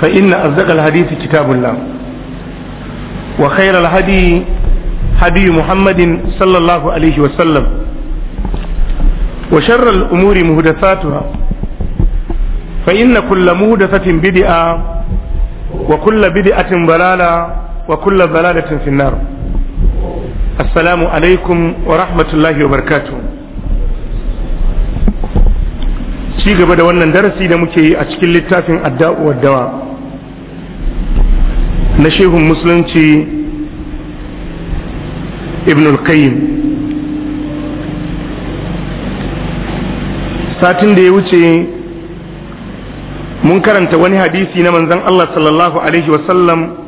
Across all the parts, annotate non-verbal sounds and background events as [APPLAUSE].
فإن أصدق الحديث كتاب الله وخير الهدي هدي محمد صلى الله عليه وسلم وشر الأمور مهدفاتها فإن كل مهدفة بدعة وكل بدعة ضلالة وكل ضلالة في النار السلام عليكم ورحمة الله وبركاته ci gaba da wannan darasi da muke yi a cikin littafin adda'u wa dawa na shehun musulunci ibn al-qayyim satin da ya wuce mun karanta wani hadisi na manzon Allah sallallahu alaihi wasallam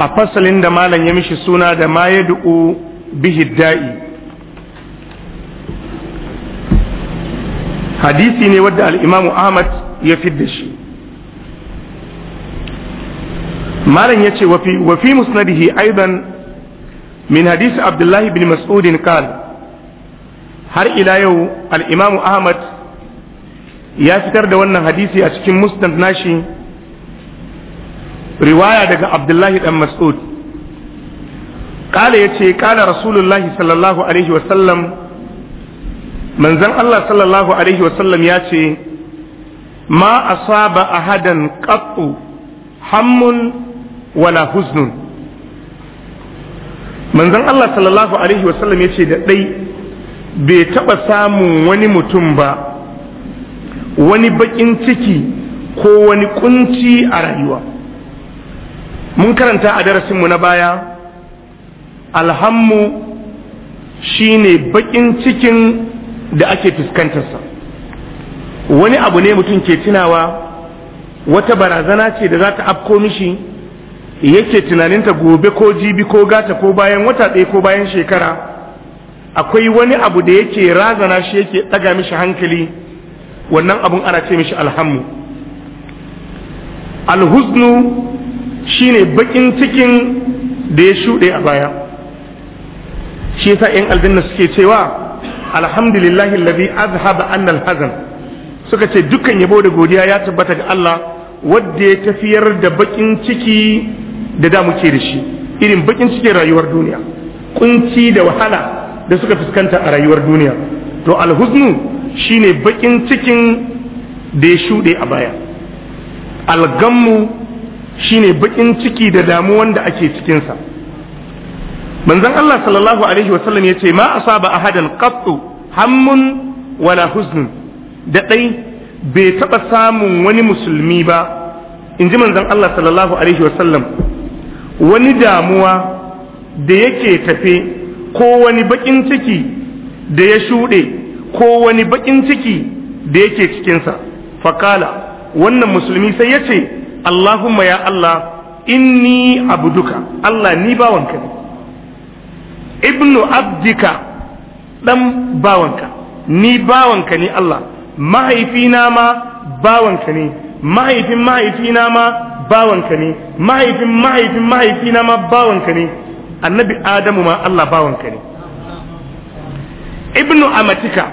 a fasalin da malam ya mishi suna da ma ya du'u bihi da'i hadisi ne wadda al-imamu Ahmad ya fidda shi malam yace wa fi wa fi musnadihi aidan min hadith abdullah ibn mas'ud qal har ila yau Al'imamu ahmad ya fitar da wannan hadisi a cikin musnad nashi riwaya daga abdullahi ɗan mas'ud kala ya ce kala rasulullahi sallallahu alaihi wasallam manzan allah sallallahu alaihi wasallam ya ce ma asaba ahadan qattu hammun wala huznun manzon Allah sallallahu alaihi wasallam yace da dai bai taɓa samun wani mutum ba wani baƙin ciki ko wani ƙunci a rayuwa mun karanta a darasinmu na baya alhammu shine baƙin cikin da ake fuskantarsa wani abu ne mutum ke tunawa wata barazana ce da za ta afko mishi yake tunaninta gobe ko jibi ko gata ko bayan wata ɗaya ko bayan shekara akwai wani abu da yake razana shi yake ɗaga mishi hankali wannan abun ana ce mishi alhammu alhuznu shine bakin cikin da ya shuɗe a baya shi yasa 'yan aljanna suke cewa alhamdulillahi alladhi azhaba annal alhazan suka ce dukkan yabo da godiya ya tabbata ga Allah wadda ya tafiyar da bakin ciki da da muke da shi irin bakin cikin rayuwar duniya kunci da wahala da suka fuskanta a rayuwar duniya to alhuznu shine bakin cikin da ya shuɗe a baya algammu shine bakin ciki da damuwan da ake cikinsa manzon Allah sallallahu alaihi wasallam ya ce ma asaba ahadan qattu hammun wala huznun da ɗai bai taɓa samun wani musulmi ba in ji manzon Allah sallallahu alaihi wasallam wani damuwa da yake tafe ko wani bakin ciki da ya shuɗe ko wani bakin ciki da yake cikinsa fakala wannan musulmi sai ya ce allahumma ya allah inni abduka allah ni bawanka ne ibnu abdika ɗan bawanka ni bawanka ne allah mahaifina ma bawanka ne mahaifin mahaifina ma bawanka ne mahaifin mahaifin mahaifina ma bawanka ne annabi adamu ma Allah bawanka ne ibnu amatika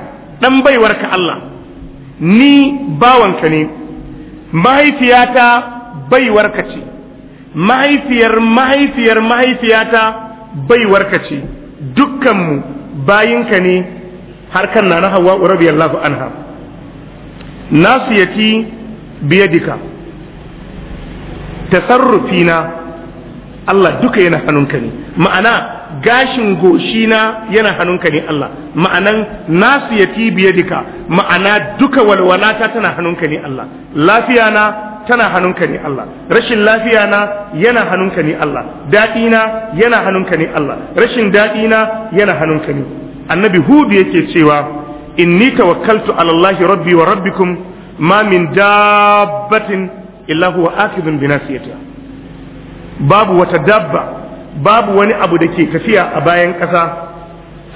dan baiwarka Allah ni bawanka ne mahaifiyata baiwarka ce mahaifiyar mahaifiyar mahaifiyata baiwarka ce dukkanmu bayinka ne har kan na na hawa radiyallahu anha nasiyati biyadika tasarrufi na Allah duka yana hannunka ne ma'ana gashin goshina yana hannunka ne Allah ma'anan nasu ya dika ma'ana duka walwalata tana hannunka ne Allah lafiya na tana hannunka ne Allah rashin lafiya na yana hannunka ne Allah daɗi yana hannunka ne Allah rashin daɗina na yana hannunka ne annabi hudu yake cewa inni tawakkaltu ala alallahi rabbi wa rabbikum ma min dabbatin illa huwa akidun bi babu wata dabba babu wani abu da ke tafiya a bayan ƙasa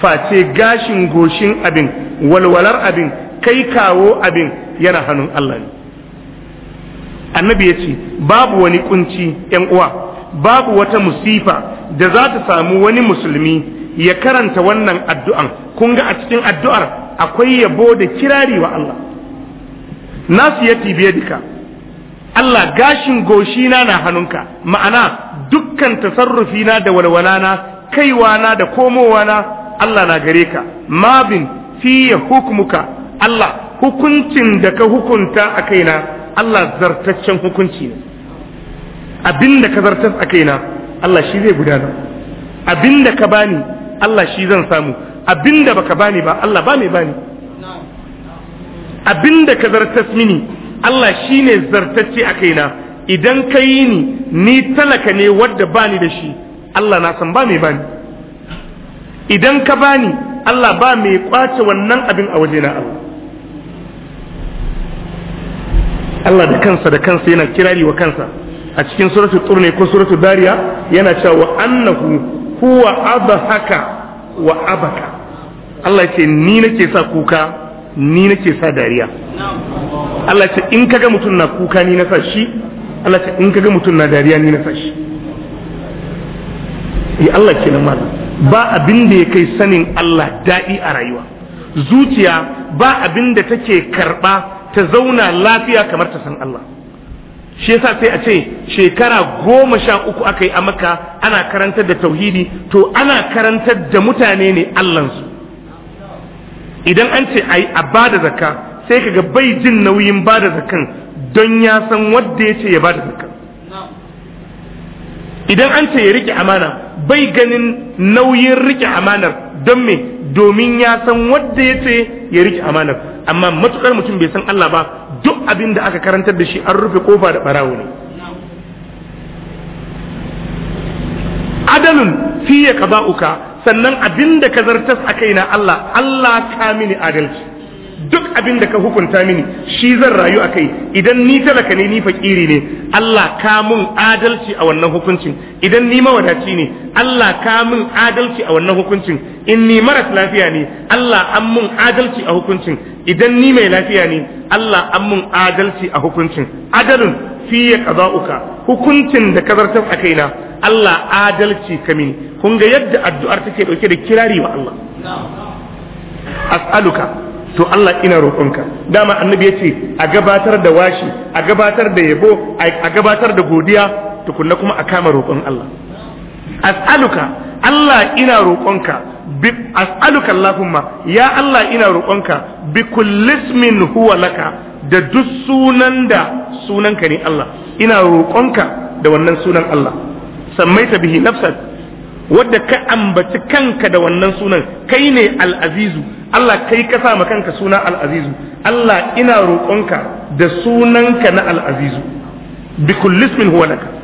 face gashin goshin abin walwalar abin kai kawo abin yana hannun Allah ne annabi ya ce babu wani kunci yan uwa babu wata musifa da za ta samu wani musulmi ya karanta wannan addu'an kun ga a cikin addu'ar akwai yabo da kirari wa Allah nasiyati biyadika Allah gashin goshina na hannunka ma'ana dukkan tasarrufina da walwalana kaiwana da komowana Allah na gare ka mabin fiye hukumuka Allah hukuncin da ka hukunta a kaina Allah zartaccen hukunci ne abin da ka zartas a kaina Allah shi zai gudana abin da ka bani Allah shi zan samu abin da baka bani ba Allah ba mai bani Abin da ka zartas mini Allah shi ne zartacce a kaina idan ka yi ni ni talaka ne wadda bani da shi Allah na san ba mai bani idan ka bani Allah ba mai kwace wannan abin a waje na Allah Allah da kansa da kansa yana kirari wa kansa a cikin suratu turne ko suratu dariya yana cewa wa annahu huwa abahaka wa abaka Allah ce ni nake sa kuka ni nake sa dariya Allah ce in kaga mutum na kuka ni na sa shi Allah ce in kaga mutum na dariya ni na sa shi ya Allah kenan malam ba abin da ya kai sanin Allah daɗi a rayuwa zuciya ba abin da take karɓa ta zauna lafiya kamar ta san Allah shi yasa sai a ce shekara goma sha uku aka yi a maka ana karantar da tauhidi to ana karantar da mutane ne Allahnsu idan an ce ai a bada zakka sai kaga bai jin nauyin bada zakkan don ya san wanda ya ce ya bada zakka idan an ce ya rike amana bai ganin nauyin rike amanar don me domin ya san wanda ya ce ya rike amanar amma matukar mutum bai san Allah ba duk abin da aka karantar da shi an rufe kofa da barawo ne adalun fiye ka ba'uka sannan abin da ka zartas a na Allah Allah ka mini adalci duk abin da ka hukunta mini shi zan rayu a kai idan ni talaka ne ni fakiri ne Allah ka mun adalci a wannan hukuncin idan ni mawadaci ne Allah ka mun adalci a wannan hukuncin in ni maras lafiya ne Allah an mun adalci a hukuncin idan ni mai lafiya ne Allah an mun adalci a hukuncin adalun fiye uka, hukuncin da ka zartar a kaina Allah adalci ka mini kun ga yadda addu'ar take dauke da kirari wa Allah as'aluka to Allah ina roƙonka dama annabi yace a gabatar da washi a gabatar da yabo a gabatar da godiya tukunna kuma a kama roƙon Allah as'aluka Allah ina roƙonka as'aluka Allahumma ya Allah ina roƙonka bi kullismin huwa laka da duk sunan da sunanka ne Allah ina roƙonka da wannan sunan Allah ta bihi nafsan wadda ka ambaci kanka da wannan sunan kai ne al'azizu Allah kai ka sa kanka suna al'azizu Allah ina roƙonka da sunanka na al'azizu bi kullismin huwa laka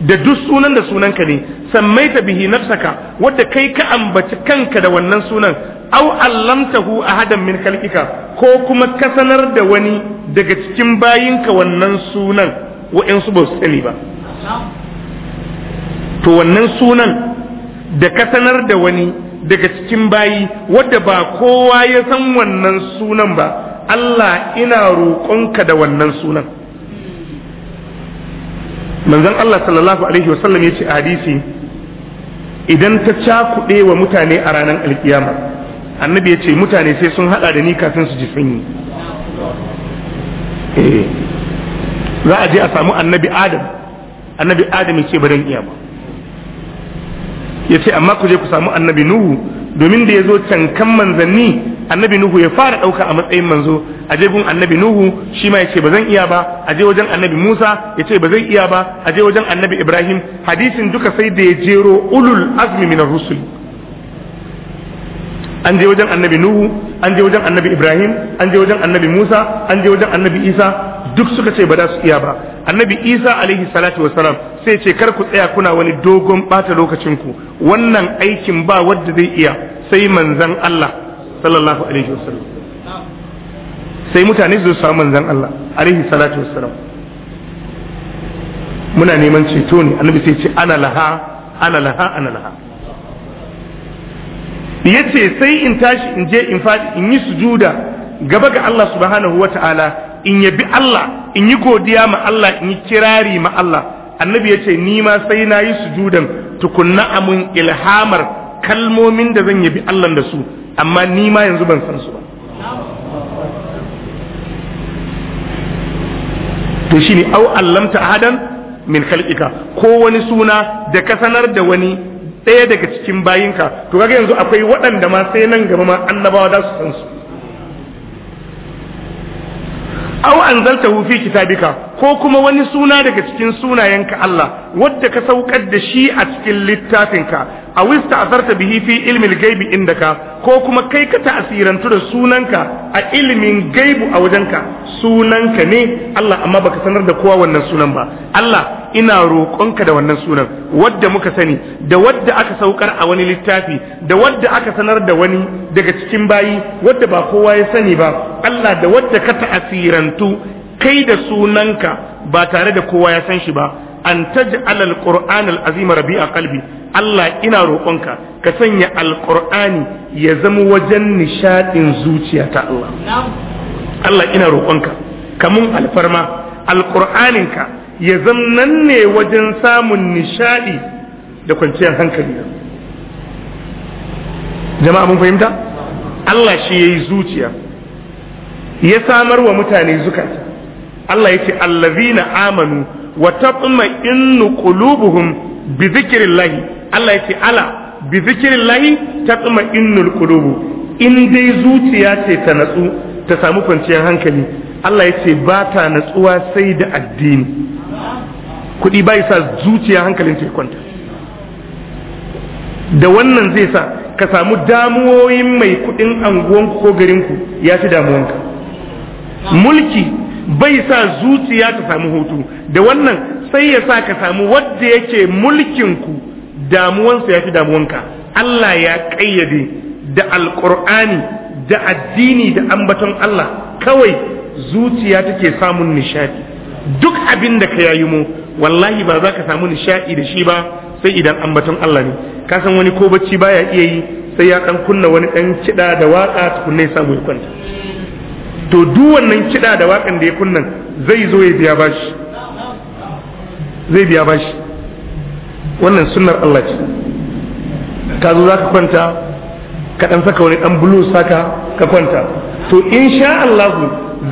da duk sunan da sunanka ne ta bihi nafsaka wadda kai ka ambaci kanka da wannan sunan aw allamtahu ahadan min khalqika ko kuma ka sanar da wani daga cikin bayinka wannan sunan wa'ansu ba su sani ba to wannan sunan da ka sanar da wani daga cikin bayi wadda ba kowa ya san wannan sunan ba Allah ina roƙonka da wannan sunan manzon Allah sallallahu alaihi wasallam yace a hadisi idan ta cakuɗe wa mutane a ranar alkiyama annabi ya ce mutane sai sun haɗa da ni kafin su ji sanyi eh, za a je a samu annabi adam annabi adam ya ce ba dan iya ba ya ce amma ku je ku samu annabi nuhu domin da ya zo cankan manzanni annabi nuhu ya fara ɗauka a matsayin manzo a je gun annabi nuhu shi ma ya ce ba zan iya ba a je wajen annabi musa ya ce ba zai iya ba a je wajen annabi ibrahim hadisin duka sai da ya jero ulul azmi minar rusul an je wajen annabi nuhu an je wajen annabi ibrahim an je wajen annabi musa an je wajen annabi isa duk suka ce ba za su iya ba annabi isa alaihi salatu salam sai ce kar ku tsaya kuna wani dogon bata lokacinku wannan aikin ba wadda zai iya sai manzan allah sallallahu alaihi wasallam sai mutane su samu manzon Allah alaihi salatu wassalam muna neman ceto ne annabi sai ce ana laha ana laha ana laha yace sai in tashi in je in fadi in yi sujuda gaba ga Allah subhanahu wataala in yabi Allah in yi godiya ma Allah in yi kirari ma Allah annabi yace ni ma sai na yi sujudan tukunna amun ilhamar kalmomin da zan yabi Allah da su amma ni ma yanzu ban san su ba to shine au allamta ahadan min khalqika ko wani suna da ka sanar da wani daya daga cikin bayinka to kaga yanzu akwai waɗanda ma sai nan gaba ma annabawa za su san su au anzaltahu fi kitabika ko kuma wani suna daga cikin sunayenka Allah wadda ka saukar da shi a cikin littafinka a wista azarta bihi fi ilmin gaibi ka, ko kuma kai ka ta'asirantu da sunanka a ilimin gaibu a wajenka sunanka ne Allah amma baka sanar da kowa wannan sunan ba Allah ina roƙonka da wannan sunan wadda muka sani da wadda aka saukar a wani littafi da wadda aka sanar da wani daga cikin bayi wadda ba kowa ya sani ba Allah da wadda ka ta'asirantu kai da sunanka ba tare da kowa ya san shi ba an alal taj'al alquran rabi a qalbi Allah ina roƙonka ka sanya al alqur'ani ya zama wajen nishadin ta Allah Allah ina roƙonka kamun alfarma al alqur'aninka ya zama ne wajen samun nishadi da kwanciyar hankali jama'a mun fahimta Allah shi yayi zuciya ya samar wa mutane zukata Allah ce allazina amanu wa tatma'innu qulubuhum bi dhikrillah Allah ce ala bi dhikrillah tatma'innul qulubu in dai zuciya ce ta natsu ta samu kwanciyar hankali Allah ce ba ta natsuwa sai da addini kudi bai sa zuciya hankalin ta kwanta da wannan zai sa ka samu damuwoyin mai kuɗin anguwanku ko garinku ya fi damuwanka mulki bai sa zuciya ta samu hutu da wannan sai ya sa ka samu wadda yake mulkinku damuwansa ya fi damuwanka Allah ya ƙayyade da alƙur'ani da addini da ambaton Allah kawai zuciya take samun nishadi duk abin da ka yayi mu wallahi ba za ka samu nishadi da shi ba sai idan ambaton Allah ne ka san wani ko bacci baya iya yi sai ya dan kunna wani dan kida da waka tukunne samu kwanta to duk wannan kiɗa da waƙan da ya kunnan zai zo ya biya bashi zai biya bashi wannan sunnar Allah ce ka zo za ka kwanta ka ɗan saka wani ɗan bulu saka ka kwanta to insha Allah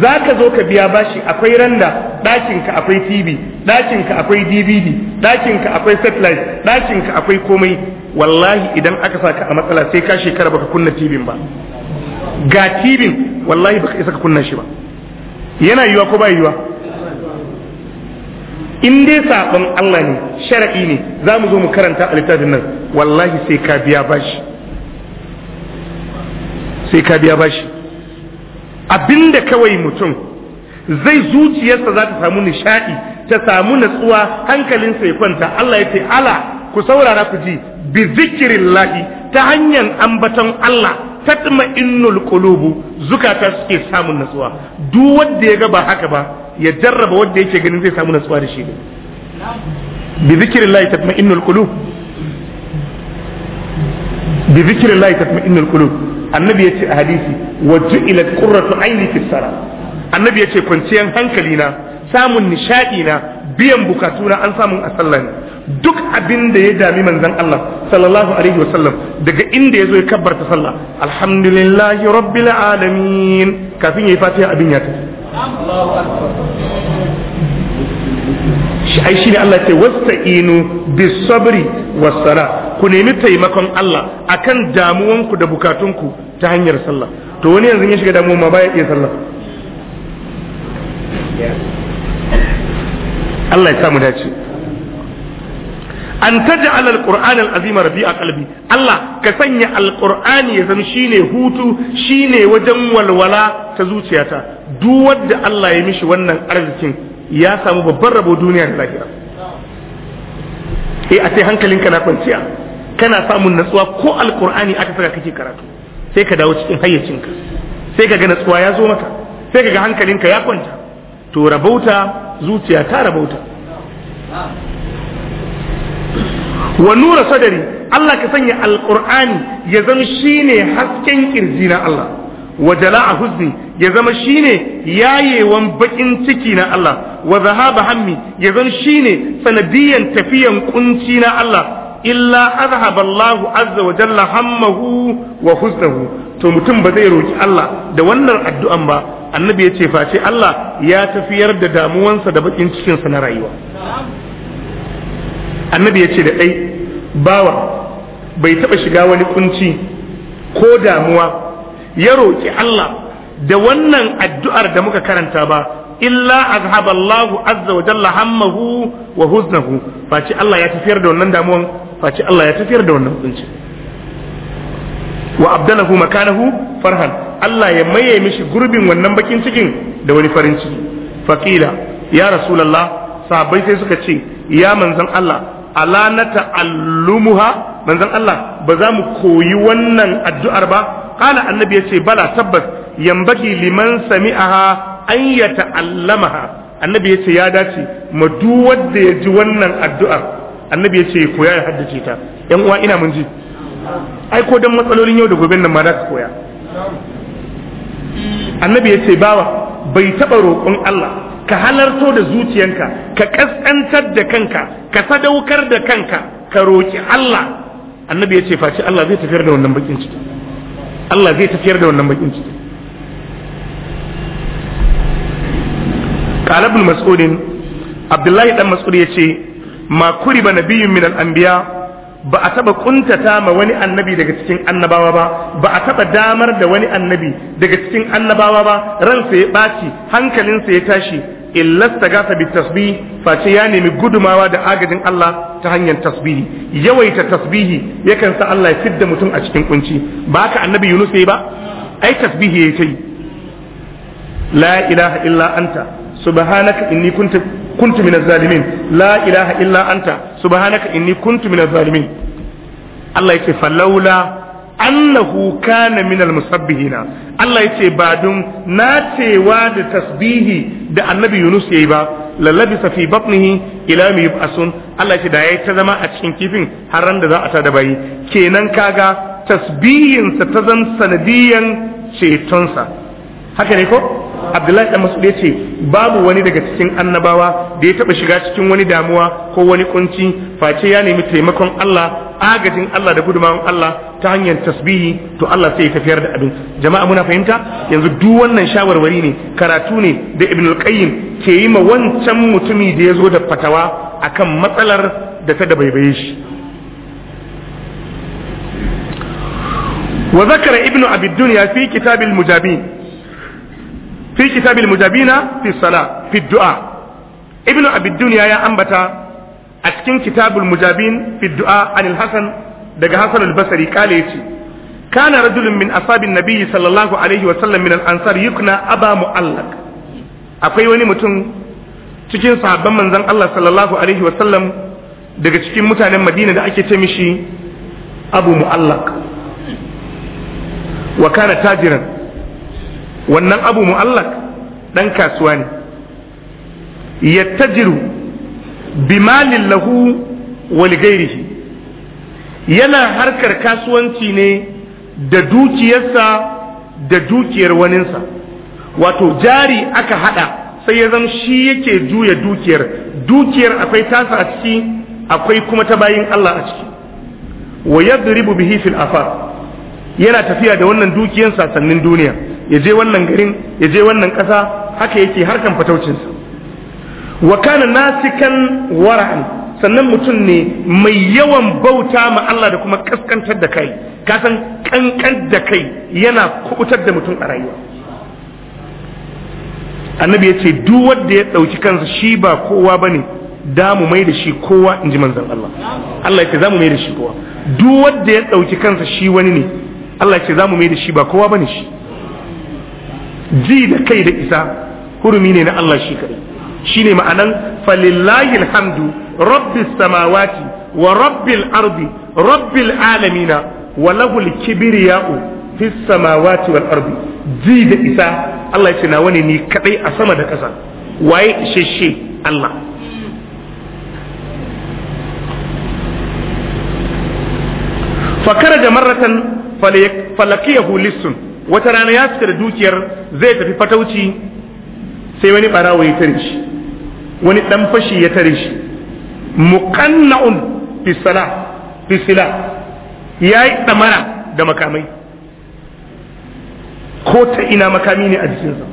za ka zo ka biya bashi akwai randa ɗakinka akwai tv ɗakinka akwai dvd ɗakinka akwai satellite ɗakinka akwai komai wallahi idan aka saka a matsala sai ka shekara baka kunna tv ba ga tv wallahi baka isa ka kunna shi ba yana yiwa ko ba yiwa in dai sabon Allah ne shara'i ne za mu zo mu karanta a littafin nan wallahi sai ka biya bashi sai ka biya bashi abinda kawai mutum zai zuciyarsa za ta samu nishaɗi ta samu natsuwa hankalinsa ya kwanta Allah ya ce ala ku saurara ku ji bi zikirillahi ta hanyar ambaton Allah innul qulubu zukata suke samun natsuwa duk wanda ya ga ba haka ba ya jarraba wanda yake ganin zai samu natsuwa da shi ne bi zikrillahi innul qulub bi zikrillahi innul qulub annabi yace a hadisi wa ju'ilat qurratu aini fi sara annabi yace kwanciyan hankali na samun nishadi na biyan bukatuna an samu a duk abin da ya dami manzan Allah sallallahu alaihi wasallam daga inda ya zo ya kabbarta sallah alhamdulillahi rabbil alamin kafin ya yi fatiha abin ya tafi shi ne Allah ce wasta'inu bis sabri was sala ku nemi taimakon Allah akan damuwanku da bukatunku ta hanyar sallah to wani yanzu ya shiga damuwa ma baya iya sallah Allah ya samu dace an taj'al alal quran azimar azim a qalbi Allah ka sanya al-qur'ani ya zama shine hutu shine wajen walwala ta zuciyata duk wanda Allah ya mishi wannan arzikin ya samu babban rabo duniya da lahira eh a ce hankalinka na kwanciya kana samun natsuwa ko al-qur'ani aka saka kake karatu sai ka dawo cikin hayyacinka sai ka ga natsuwa ya zo maka sai ka ga hankalinka ya kwanta to rabauta zuciya ta rabauta wa nura sadari Allah ka sanya alqur'ani ya zama shine hasken kirji na Allah wa jala'a huzni ya zama shine yayewan bakin ciki na Allah wa zahaba hammi ya zama shine sanadiyan tafiyan kunci na Allah illa azhaba Allahu azza wa jalla hammahu wa huznahu to mutum ba zai roki Allah da wannan addu'an ba annabi ya ce face Allah ya tafiyar da damuwansa da bakin cikinsa na rayuwa annabi ya ce da ɗai bawa bai taɓa shiga wani kunci ko damuwa ya roƙi Allah da wannan addu'ar da muka karanta ba illa azhaballahu azza wa jalla hammahu wa huznahu face Allah ya tafiyar da wannan damuwan face Allah ya tafiyar da wannan kunci wa abdalahu makanahu farhan Allah ya maye mishi gurbin wannan bakin cikin da wani farin ciki faqila ya rasulullah sahabbai sai suka ce ya manzon Allah Alanata allumuha ta'allumuha manzon Allah ba za mu koyi wannan addu'ar ba qala annabi yace bala tabbas yambaki liman sami'aha an yata'allamaha annabi ce ya dace ma duk wanda ya ji wannan addu'ar annabi ce koya ya haddace ta yan uwa ina mun ji ai ko dan matsalolin yau da gobe nan ma za ka koya annabi yace bawa bai taba roƙon Allah ka halarto da zuciyanka ka kaskantar da kanka ka sadaukar da kanka ka roƙi Allah annabi ya ce faci Allah zai tafiyar da wannan bakin ciki Allah zai tafiyar da wannan bakin ciki qala ibn mas'ud abdullahi dan mas'ud ya ce ma kuriba nabiyyun min al-anbiya' ba a taɓa ƙuntata ma wani annabi daga cikin annabawa ba ba a taɓa damar da wani annabi daga cikin annabawa ba ransa ya ɓaci hankalinsa ya tashi Illasta tagasa bi tasbih face ya nemi gudumawa da agajin Allah ta hanyar tasbihi yawaita tasbihi yakan sa Allah ya fidda mutum a cikin kunci ba ka annabi Yunus yayi ba ai tasbihi yayi tai la ilaha illa anta subhanaka inni kuntu kuntu minaz zalimin la ilaha illa anta subhanaka inni kuntu minaz zalimin Allah yake laula. annahu kana minal musabbihina Allah yace ba dun nacewa da tasbihi da annabi Yunus yayi ba sa fi batnihi ila mi yub'asun Allah yace da yayi ta zama a cikin kifin har ran da za a ta da bayi kenan kaga tasbihin sa ta zan sanadiyan cetonsa haka ne ko abdullahi dan mas'ud ce babu wani daga cikin annabawa da ya taɓa shiga cikin wani damuwa ko wani kunci face ya nemi taimakon Allah agajin Allah da gudumawan Allah ta hanyar tasbihi to Allah sai ya tafiyar da abin jama'a muna fahimta yanzu duk wannan shawarwari ne karatu ne da ibn al-qayyim ke yi ma wancan mutumi da ya zo da fatawa akan matsalar da ta dabaibaye shi وذكر ابن أبي الدنيا fi كتاب المجابين fi kitabil mujabina fi sala fi du'a ibnu abid dunya ya ambata a cikin kitabul mujabin fi du'a anil hasan daga hasan al-basri kale yace kana rajulun min asabin nabiyyi sallallahu alaihi wa sallam min al-ansar yukna aba mu'allaq akwai wani mutum cikin sahabban manzon Allah sallallahu alaihi wa sallam daga cikin mutanen Madina da ake ce mishi Abu Mu'allaq wa kana tajiran wannan abu mu'allak ɗan kasuwa ne yattajiru bimalin lahu wa yana harkar kasuwanci ne da dukiyarsa da dukiyar waninsa wato jari aka hada sai ya zama shi yake juya dukiyar dukiyar akwai tasa a ciki akwai kuma ta bayin Allah a ciki wa yadribu bihi fil afar yana tafiya da wannan dukiyar sasannin duniya ya je wannan garin ya je wannan ƙasa haka yake harkan fataucinsa wa kana nasikan wara'an sannan mutum ne mai yawan bauta ma Allah da kuma kaskantar da kai ka san kankan da kai yana kubutar da mutum a rayuwa annabi ya ce duk wanda ya ɗauki kansa shi ba kowa bane da mu mai da shi kowa in ji manzon Allah Allah ya ce za mu mai da shi kowa duk wanda ya ɗauki kansa shi wani ne Allah ya ce za mu mai da shi ba kowa bane shi ji da kai da isa hurumi ne na Allah shi kadai shine ma'anan falillahi alhamdu rabbis samawati wa rabbil ardi rabbil alamina wa lahul kibriya'u fis samawati wal ardi ji da isa Allah ya na wani ni kadai a sama da ƙasa waye isheshe Allah fakara da maratan falakiyahu lissun wata rana ya fita da dukiyar zai tafi fatauci sai wani barawo ya tare shi wani dan fashi ya tare shi muqanna'un fi sala fi sila yayi damara da makamai ko ta ina makami ne a jikinsa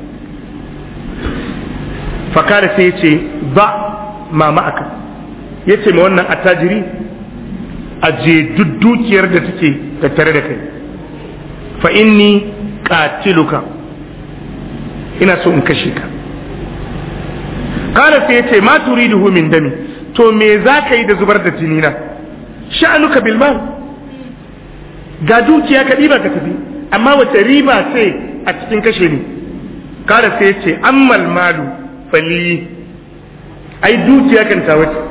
fakara sai yace ce ba mama aka ya ce ma wannan attajiri a je duk dukiyar da take tattare da kai fa inni qatiluka ina so in kashe ka qala sai yace ma turiduhu min dami to me za ka yi da zubar da jini na sha'anuka bil mal ga dukiya ka ba ka tafi amma wace riba ce a cikin kashe ni qala sai yace ammal malu fali ai dukiya kan tawace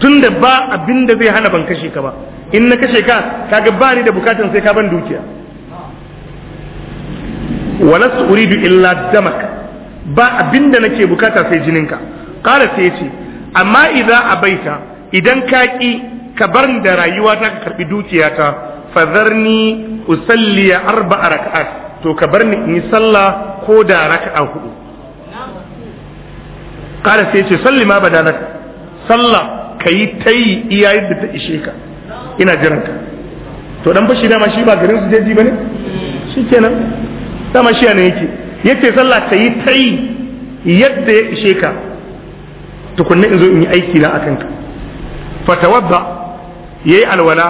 tunda ba abinda zai hana ban kashe ka ba in na kashe ka kaga bani da bukatan sai ka ban dukiya wala uridu illa damak ba abinda nake bukata sai jininka qala sai ce amma idza abaita idan ka ki ka bar da rayuwa ta ka karbi dukiyata fadharni usalli arba'a rak'at to ka bar ni in yi sallah ko da raka'a hudu qala sai ce salli ma badalaka sallah kayi tayi iya yadda ta ishe ka ina jiranka to dan fashi dama shi ba garin su jeji bane shikenan sama shi ne yake yace sallah ta yi ta yi yadda ya ishe ka tukunna in zo in yi aiki na akan ka fatawadda yayi alwala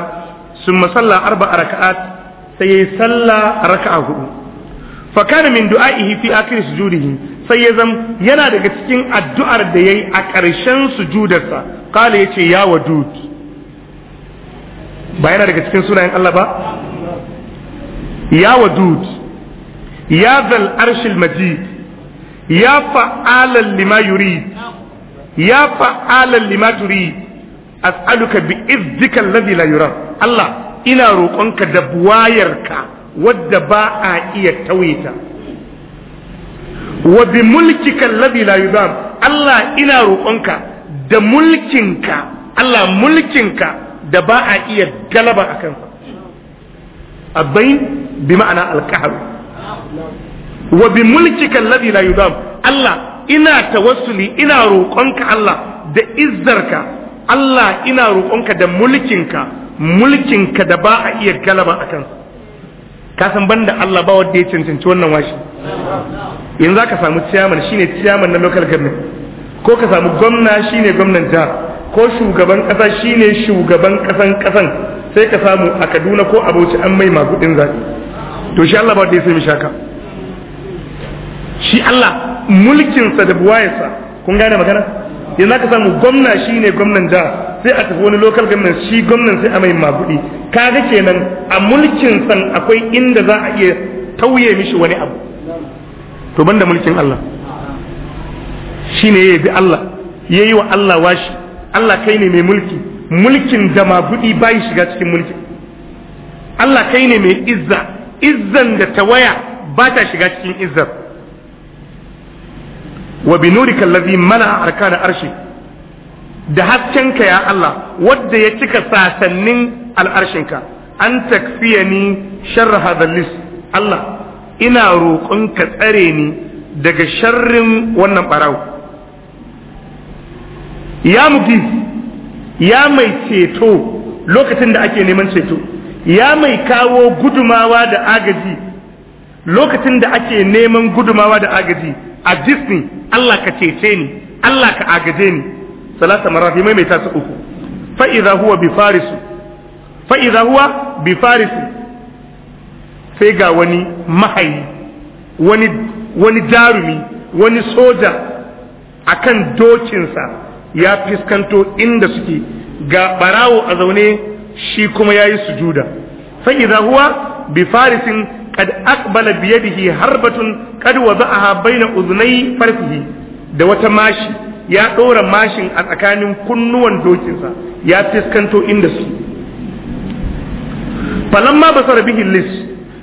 summa salla arba raka'at sai yayi salla raka'a hudu fa kana min du'a'ihi fi akhir sujudihi sai ya zam yana daga cikin addu'ar da yayi a ƙarshen sujudarsa kala yace ya wadud ba yana daga cikin sunayen Allah ba ya wadud يا ذا العرش المجيد يا فعالا لما يريد يا فعالا لما تريد أسألك بإذك الذي لا يرى الله إنا روقنك دبوايرك والدباء إيا تويتا وبملكك الذي لا يدام الله إنا روقنك دملكنك الله ملكنك دباء إيا الجلبة أكنك أبين بمعنى الكهرباء wa bi mulkika alladhi la yudam Allah ina tawassuli ina roƙonka Allah da izzarka Allah ina roƙonka da mulkinka mulkinka da ba a iya galaba a kansa ka san banda Allah ba wanda ya cancanci wannan washi yanzu ka samu ciyaman shine ciyaman na local government ko ka samu gwamna shine gwamnan ta ko shugaban kasa shine shugaban kasan kasan sai ka samu a Kaduna ko a an mai magudin zaɓe to shi Allah ba wanda ya sai mishaka shi Allah mulkinsa da sa kun gane magana yanzu aka samu gwamna shi ne gwamnan jiha sai a tafi wani local government shi gwamnan sai a mai maguɗi kaga kenan a mulkin san akwai inda za a iya tauye mishi wani abu to banda mulkin Allah shi ne ya bi Allah ya yi wa Allah washi Allah kai ne mai mulki mulkin da maguɗi bayi shiga cikin mulki Allah kai ne mai izza izzan da tawaya ba ta shiga cikin izzar wa bi nurika allazi mana arkana arshi da haskenka ya Allah wadda ya cika sasannin al'arshinka an takfiyani sharra lis Allah ina roƙon ka tsare ni daga sharrin wannan barawo ya mugi ya mai ceto lokacin da ake neman ceto ya mai kawo gudumawa da agaji lokacin da ake neman gudumawa da agaji A ni Allah ka cece ni Allah ka agaje ni salata marafi mai mai tasu uku fa idza huwa bi farisu fa idza huwa bi farisu sai ga wani mahayi wani wani jarumi wani soja akan dokinsa ya fiskanto inda suke ga barawo a zaune shi kuma yayi sujuda fa idza huwa bi farisin kad aqbala bi yadihi harbatun kad wada'aha baina udhnai farfihi da wata mashi ya ɗora mashin a tsakanin kunnuwan dokinsa ya fiskanto inda su falamma basara bihi lis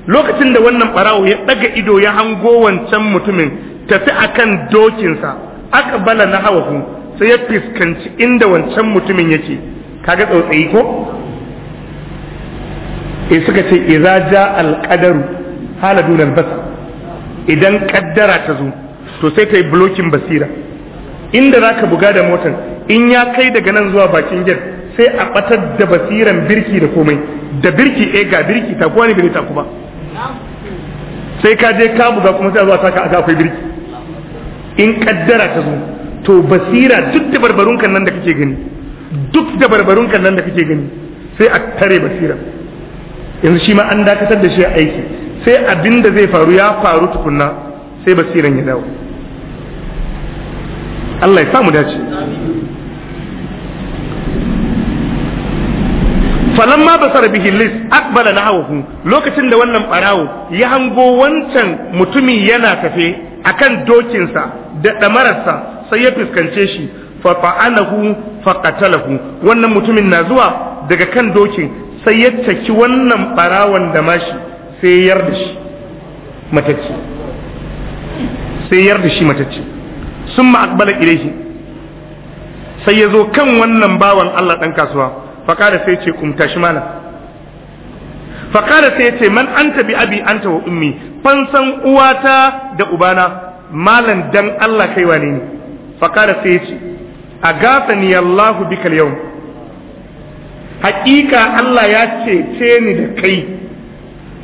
lokacin da wannan barawo ya daga ido ya hango wancan mutumin tafi akan dokinsa aqbala nahawahu sai ya fiskanci inda wancan mutumin yake kaga tsautsayi ko eh suka ce iza ja al hala dunal idan kaddara ta zo to sai ta yi blokin basira inda za ka buga da motar in ya kai daga nan zuwa bakin gate sai a batar da basiran birki da komai da birki eh ga birki ta kuwa ne bai ta kuma sai ka je ka buga kuma sai zuwa ka aga akwai birki in kaddara ta zo to basira duk da barbarun kan nan da kake gani duk da barbarun kan nan da kake gani sai a tare basira yanzu shi ma an dakatar da shi aiki sai abin da zai faru ya faru tukunna sai basiran ya dawo Allah ya samu dace falamma basara bihi lis akbala nahawu lokacin da wannan barawo ya hango wancan mutumi yana tafe akan dokinsa da damararsa sai ya fuskance shi fa fa'anahu fa qatalahu wannan mutumin na zuwa daga kan dokin sai ya taki wannan barawon da mashi sai yar da shi matacce sai yar da shi matacce sun ma'akbala ilaihi sai ya zo kan wannan bawan Allah ɗan kasuwa faƙada sai ce kumta shi mana, faƙada sai ce man an tabi abi an wa ummi fansan uwata da ubana malam dan Allah kai wane ne faƙada sai ce a gasa ni Allahu bikal yau haƙiƙa Allah ya ce ce ni da kai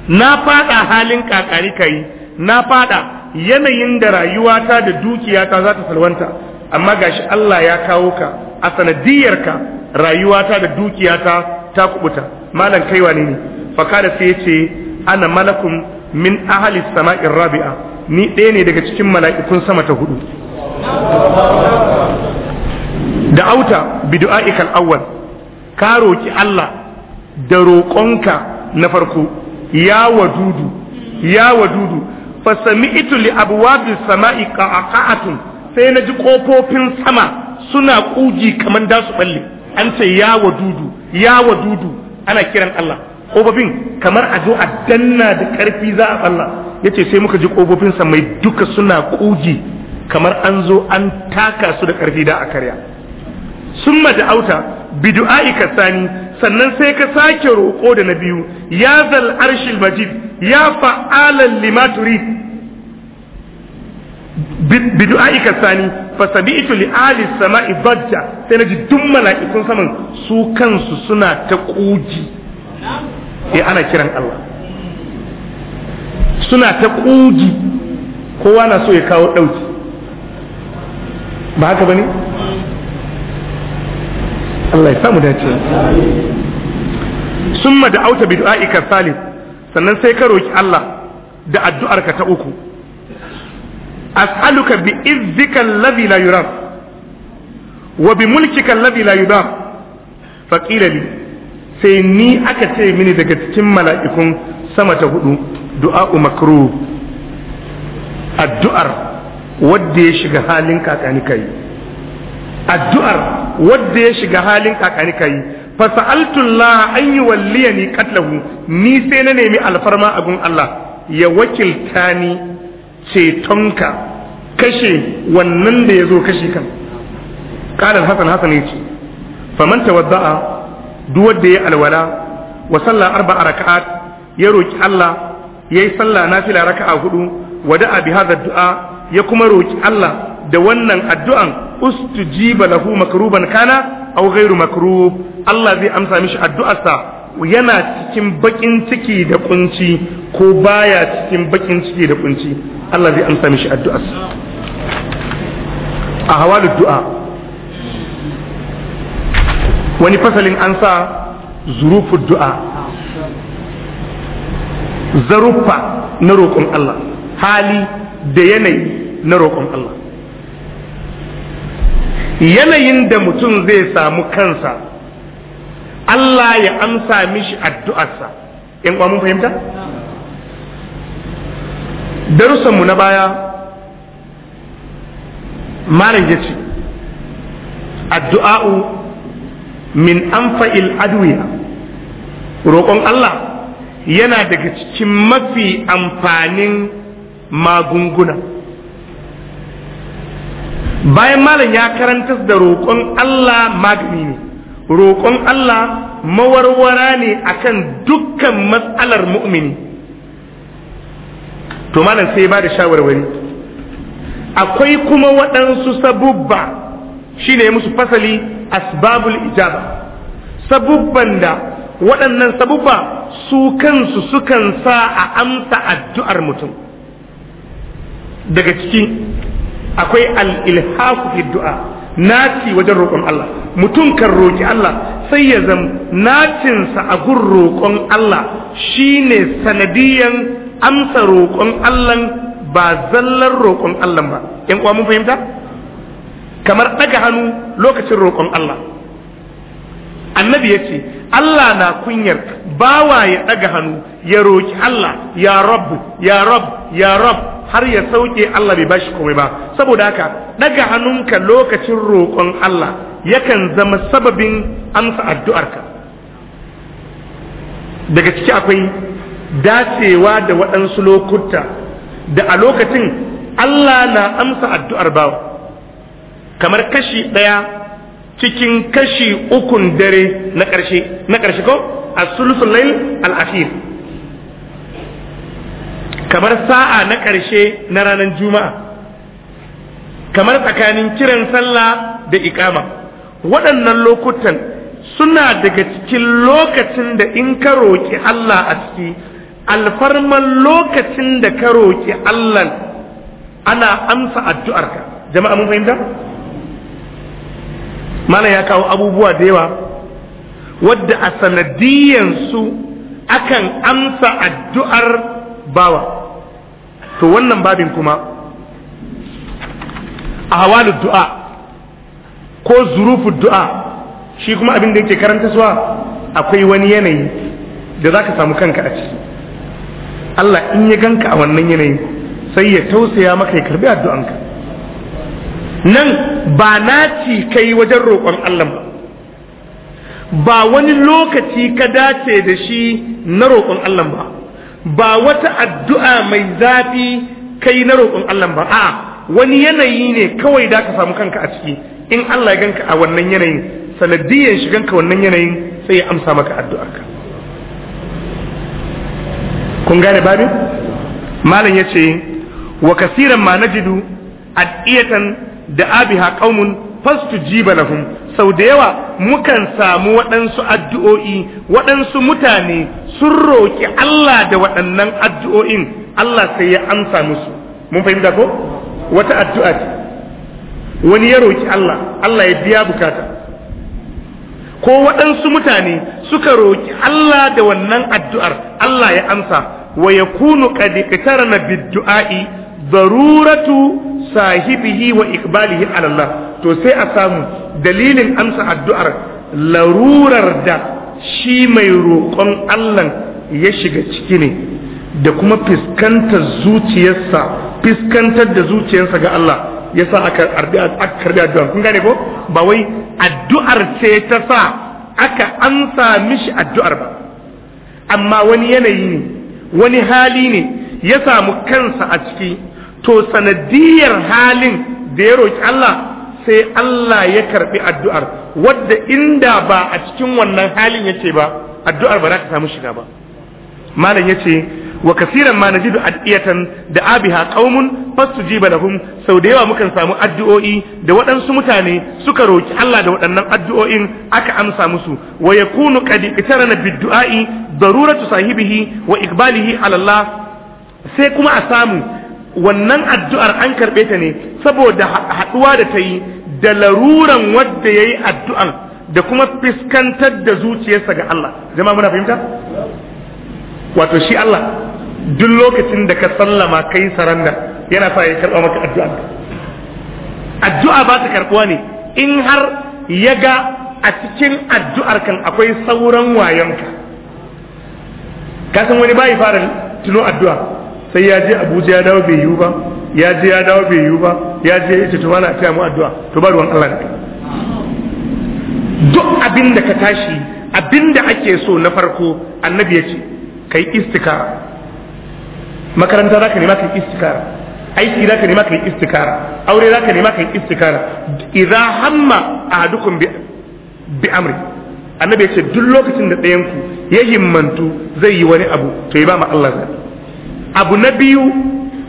na fada halin kakari kai na fada yanayin da rayuwata da dukiyata za ta salwanta amma gashi Allah ya kawo ka a sanadiyarka rayuwata da dukiyata ta kubuta malam kaiwa ne ne fakada sai yace ana malakum min ahli sama'in rabi'a ni ɗaya ne daga cikin mala'ikun sama ta hudu da auta bi du'a'ikal awwal ka roki Allah da roƙonka na farko ya wadudu ya wadudu fa sami'tu li abwabi sama'i qa'qa'atun sai na ji kofofin sama suna kuji kaman da su balle an ce ya wadudu ya wadudu ana kiran Allah kofofin kamar a zo a danna da karfi za a balla yace sai muka ji kofofin mai duka suna kuji kamar an zo an taka su da karfi da a karya summa da auta bidu'aika sani sannan sai ka sake roƙo da na biyu ya zal arshil majid ya fa'alan lima turid bidu'aika sani fa sabi'tu li ali sama'i bajja sai naji duk mala'ikun saman su kansu suna ta kuji eh ana kiran Allah suna ta kuji kowa na so ya kawo dauki ba haka bane Allah ya samu dace summa da auta bi du'aika salim sannan sai ka roki Allah da addu'arka ta uku as'aluka bi izzika alladhi la yura wa bi mulkika alladhi la yudam fa qila li sai ni aka ce mini daga cikin mala'ikun sama ta hudu du'a makruh addu'ar wadda ya shiga halin kakani kai addu'ar wadda ya shiga halin kakani kai fa sa'altullah an yuwalliyani qatlahu ni sai na nemi alfarma abun Allah ya wakilta ni cetonka kashe wannan da ya zo kashe kan qala hasan hasan yace man tawadda'a duk wanda ya alwala wa salla arba'a raka'at ya roki Allah yayi sallah nafila raka'a hudu wada'a bi hadha du'a ya kuma roki Allah da wannan addu'an ustujiba lahu makruban kana aw ghairu makrub Allah zai amsa mishi addu'arsa yana cikin bakin ciki da kunci ko baya cikin bakin ciki da kunci Allah zai amsa mishi addu'ar a hawalin du'a wani fasalin an sa du'a zaruffa na roƙon Allah hali da yanayi na roƙon Allah yanayin da mutum zai samu kansa Allah ya amsa mishi addu'arsa in kwa mun fahimta? darussanmu na baya malam ya ce addu'a'u min anfa'il adwiya roƙon Allah yana daga cikin mafi amfanin magunguna bayan malam ya karanta da roƙon Allah magani ne roƙon Allah mawarwara ne akan dukkan matsalar mu'mini to malam sai ba da shawarwari akwai kuma waɗansu sabubba shine ya musu fasali asbabul ijaba sabubban da waɗannan sabubba su kansu sukan sa a amsa addu'ar mutum daga ciki akwai al-ilhaku fi du'a naci wajen roƙon Allah mutum kan roƙi Allah sai ya zam nacinsa a gun roƙon Allah shine sanadiyan amsa roƙon Allah ba zallar roƙon Allah ba ƴan mun fahimta kamar ɗaga hannu lokacin roƙon Allah annabi ya ce Allah na kunyar bawa ya ɗaga hannu ya roƙi Allah ya rabu ya rabu ya rabu har ya sauke Allah bai bashi komai ba saboda haka daga hannunka lokacin roƙon Allah yakan zama sababin amsa addu'arka daga ciki akwai dacewa da waɗansu lokuta da a lokacin Allah na amsa addu'ar bawa kamar kashi ɗaya cikin kashi ukun dare na ƙarshe na ƙarshe ko a sulusul lail al-akhir kamar sa'a na ƙarshe na ranar juma'a kamar tsakanin kiran sallah da ikama waɗannan lokutan suna daga cikin lokacin da in ka roƙi Allah a ciki alfarman lokacin da ka roƙi Allah ana amsa addu'arka jama'a mun fahimta malam ya kawo abubuwa da yawa wadda a sanadiyyansu akan amsa addu'ar bawa to wannan babin kuma a hawalu du'a ko zurufu du'a shi kuma abin da yake karanta suwa akwai wani yanayi da za ka samu kanka a ciki Allah in ya ganka a wannan yanayin sai ya tausaya maka ya karbi addu'anka nan ba naci kai wajen roƙon Allah ba ba wani lokaci ka dace da shi na roƙon Allah ba ba wata addu'a mai zafi kai na roƙon Allah ba a'a wani yanayi ne kawai da ka samu kanka a ciki in Allah ya ganka a wannan yanayin sanadiyan shiganka wannan yanayin sai ya amsa maka addu'arka kun gane babu malam yace wa kasiran ma najidu adiyatan da abiha qaumun na hun? sau da yawa mukan samu waɗansu addu'o'i waɗansu mutane sun roƙi Allah da waɗannan addu'o'in Allah sai ya amsa musu mun fahimta ko wata addu'a ce wani ya roƙi Allah Allah ya biya bukata ko waɗansu mutane suka roƙi Allah da wannan addu'ar Allah ya amsa wa ya kunu ƙadiƙitar na biddu'a'i daruratu sahibihi wa ikbalihi ala Allah to sai a samu dalilin amsa addu'ar larurar da shi mai roƙon Allah ya shiga ciki ne da kuma fiskantar zuciyarsa fiskantar da zuciyarsa ga Allah yasa aka karbi addu'ar kun gane ko ba wai addu'ar ce ta sa aka amsa mishi addu'ar ba amma wani yanayi ne wani hali ne ya samu kansa a ciki to sanadiyar halin da ya roƙi Allah sai Allah ya karɓi addu'ar wadda inda ba a cikin wannan halin ya ce ba addu'ar ba za ta samu shiga ba malam ce wa kasiran ma jidu adiyatan da abiha qaumun fastujiba lahum sau da yawa mukan samu addu'o'i da waɗansu mutane suka roki Allah da waɗannan addu'o'in aka amsa musu wa yakunu qad itarana bid daruratu sahibihi wa ikbalihi ala Allah sai kuma a samu wannan addu'ar an karɓe ta ne saboda haɗuwa da ta yi da laruran wadda ya yi addu'an da kuma fiskantar da zuciyarsa ga Allah jama'a muna fahimta wato shi Allah duk lokacin da ka sallama kai saranda yana sa ya karɓa maka addu'a addu'a ba ta karɓuwa ne in har ya ga a cikin addu'ar kan akwai sauran wayonka ka san wani bai fara tuno addu'a sai ya je abuja ya dawo bai yiwu ba ya je ya dawo bai yiwu ba ya je ya ce to wala ta mu addu'a to ba ruwan Allah duk abinda ka tashi abinda ake so na farko annabi ya ce kai istikara makaranta zaka ka nema kai istikara aiki zaka ka nema kai istikara aure zaka ka nema kai istikara idza hamma ahadukum bi amri annabi ya ce duk lokacin da ɗayanku ya himmantu zai yi wani abu to ya ba ma Allah zai abu na biyu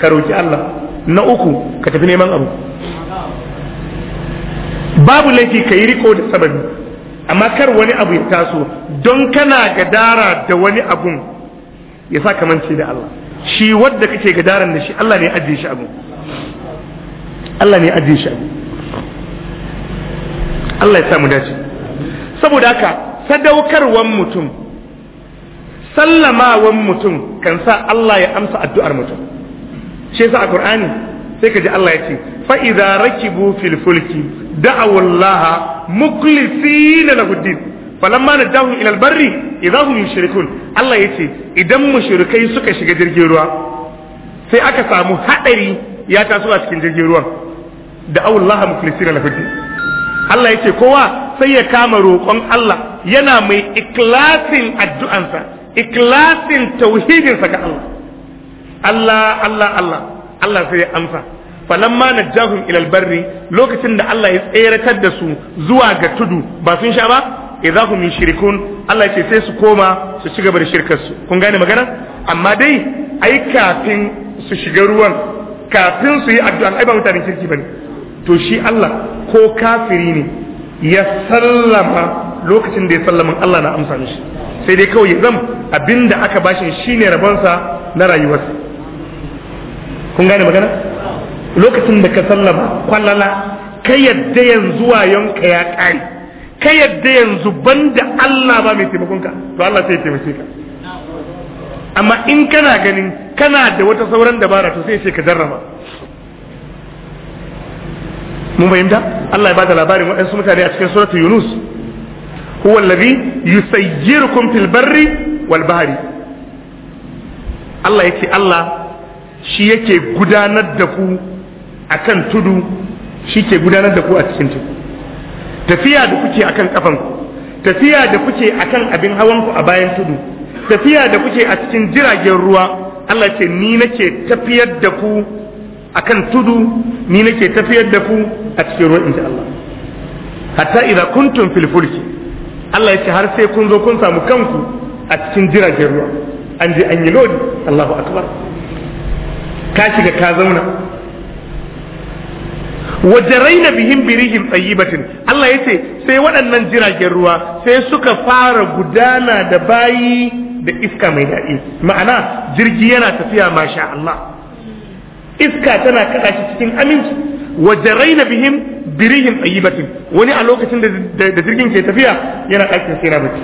ka roki Allah na uku ka tafi neman abu babu laifi ka yi riko da sababi amma kar wani abu ya taso don kana gadara da wani abun ya sa kamance da Allah shi wadda kake gadaran da shi Allah ne ajiye shi abu Allah ne ajiye shi abu Allah ya samu dace saboda haka sadaukarwan mutum sallamawan mutum kan sa Allah ya amsa addu'ar mutum shi sa a kurani sai ka ji Allah ya ce fa'iza raki rakibu fil fulki da'aw Allah mukhlisina lahu falamma nadahum ila al barri idza hum Allah ya ce idan mushrikai suka shiga jirgin ruwa sai aka samu haɗari ya taso a cikin jirgin ruwan da'aw Allah mukhlisina na din Allah ya ce kowa sai ya kama roƙon Allah yana mai ikilasin addu'ansa ikhlasin tauhidinsa ga Allah Allah Allah Allah Allah sai ya amsa falamma najjahum ilal barri lokacin da Allah ya tseratar da su zuwa ga tudu ba sun sha ba idza hum yushrikun Allah ya ce sai su koma su ci gaba da shirkar su kun gane magana amma dai ai kafin su shiga ruwan kafin su yi addu'a ai ba mutanen kirki bane to shi Allah ko kafiri ne ya sallama lokacin da ya sallama Allah na amsa mishi sai dai kawai zam abinda aka bashi shine rabonsa na rayuwarsa kun gane magana lokacin da ka sallama kwallala ka yadda yanzu wayonka ya kare ka yadda yanzu banda Allah ba mai taimakonka to Allah sai ya taimake ka amma in kana ganin kana da wata sauran dabara to sai ce ka jarraba mun fahimta Allah ya bada labarin waɗansu mutane a cikin suratu Yunus huwa allazi yusayyirukum fil barri wal bahri Allah yake Allah shi yake gudanar da ku akan tudu shi ke gudanar da ku a cikin teku tafiya da kuke akan kafanku tafiya da kuke akan abin hawanku a bayan tudu tafiya da kuke a cikin jiragen ruwa Allah ce ni nake tafiyar da ku akan tudu ni nake tafiyar da ku a cikin ruwan insha Allah hatta idza kuntun fil fulki Allah ya ce har sai kun zo kun samu kanku a cikin jiragen ruwa an je an yi lodi Allahu akbar ka shiga ka zauna wajaraina bihim birihim tayyibatin Allah ce sai waɗannan jiragen ruwa sai suka fara gudana da bayi da iska mai daɗi ma'ana jirgi yana tafiya masha Allah iska tana kaɗa shi cikin aminci wajaraina bihim birihin tsayibatin wani a lokacin da jirgin ke tafiya yana ɗakin sai na bacci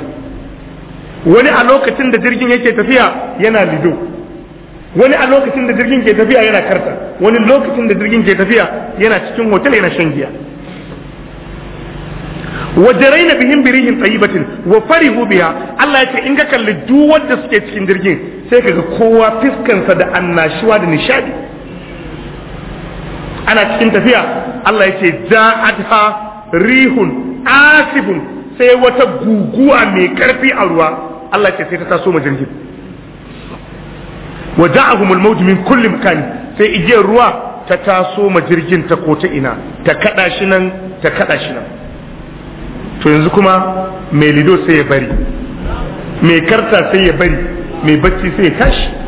wani a lokacin da jirgin yake tafiya yana lido wani a lokacin da jirgin ke tafiya yana karta wani lokacin da jirgin ke tafiya yana cikin hotel yana shan giya wa jaraina bihim birihin tayyibatin wa farihu biha Allah ya ce in ka kalli duk wanda suke cikin jirgin sai kaga kowa fiskansa da annashuwa da nishadi ana cikin tafiya Allah yace ja'atha rihun asibun sai wata guguwa mai karfi a ruwa Allah ce sai ta taso ma jirgin wa mawj min kulli makan sai igiyar ruwa ta taso ma jirgin ta kota ina ta kada shi nan ta kada shi nan to yanzu kuma mai lido sai ya bari mai karta sai ya bari mai bacci sai ya tashi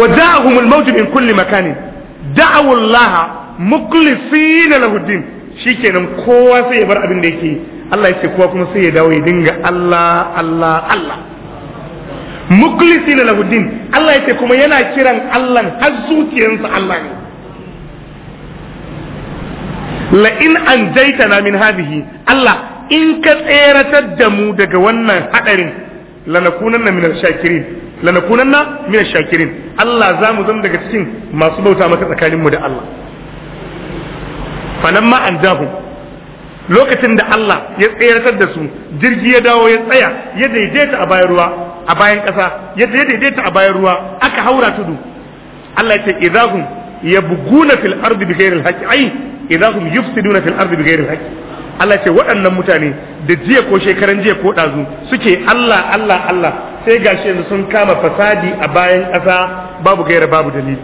وجاءهم الموت من كل مكان دعوا الله مخلصين له الدين shikenan kowa sai ya bar abin da yake Allah ya ce kowa kuma sai ya dawo ya dinga Allah Allah Allah mukhlisina lahu din Allah ya ce kuma yana kiran Allah har zuciyarsa Allah ne la in anjaytana min Allah in ka tseratar da mu daga wannan hadarin lanakunanna min shakirin lanakunanna min shakirin Allah za mu zama daga cikin masu bauta maka tsakanin mu da Allah falamma anjahum lokacin da Allah ya tsayar da su jirgi ya dawo ya tsaya ya daidaita a bayan ruwa a bayan ƙasa ya daidaita a bayan ruwa aka haura tudu Allah ya ce idahum yabghuna fil ardi bighairi al-haqq ai idahum yufsiduna fil ardi bighairi al-haqq Allah ce waɗannan mutane da jiya ko shekaran jiya ko ɗazu suke Allah Allah Allah sai gashi yanzu sun kama fasadi a bayan ƙasa babu gaira babu dalili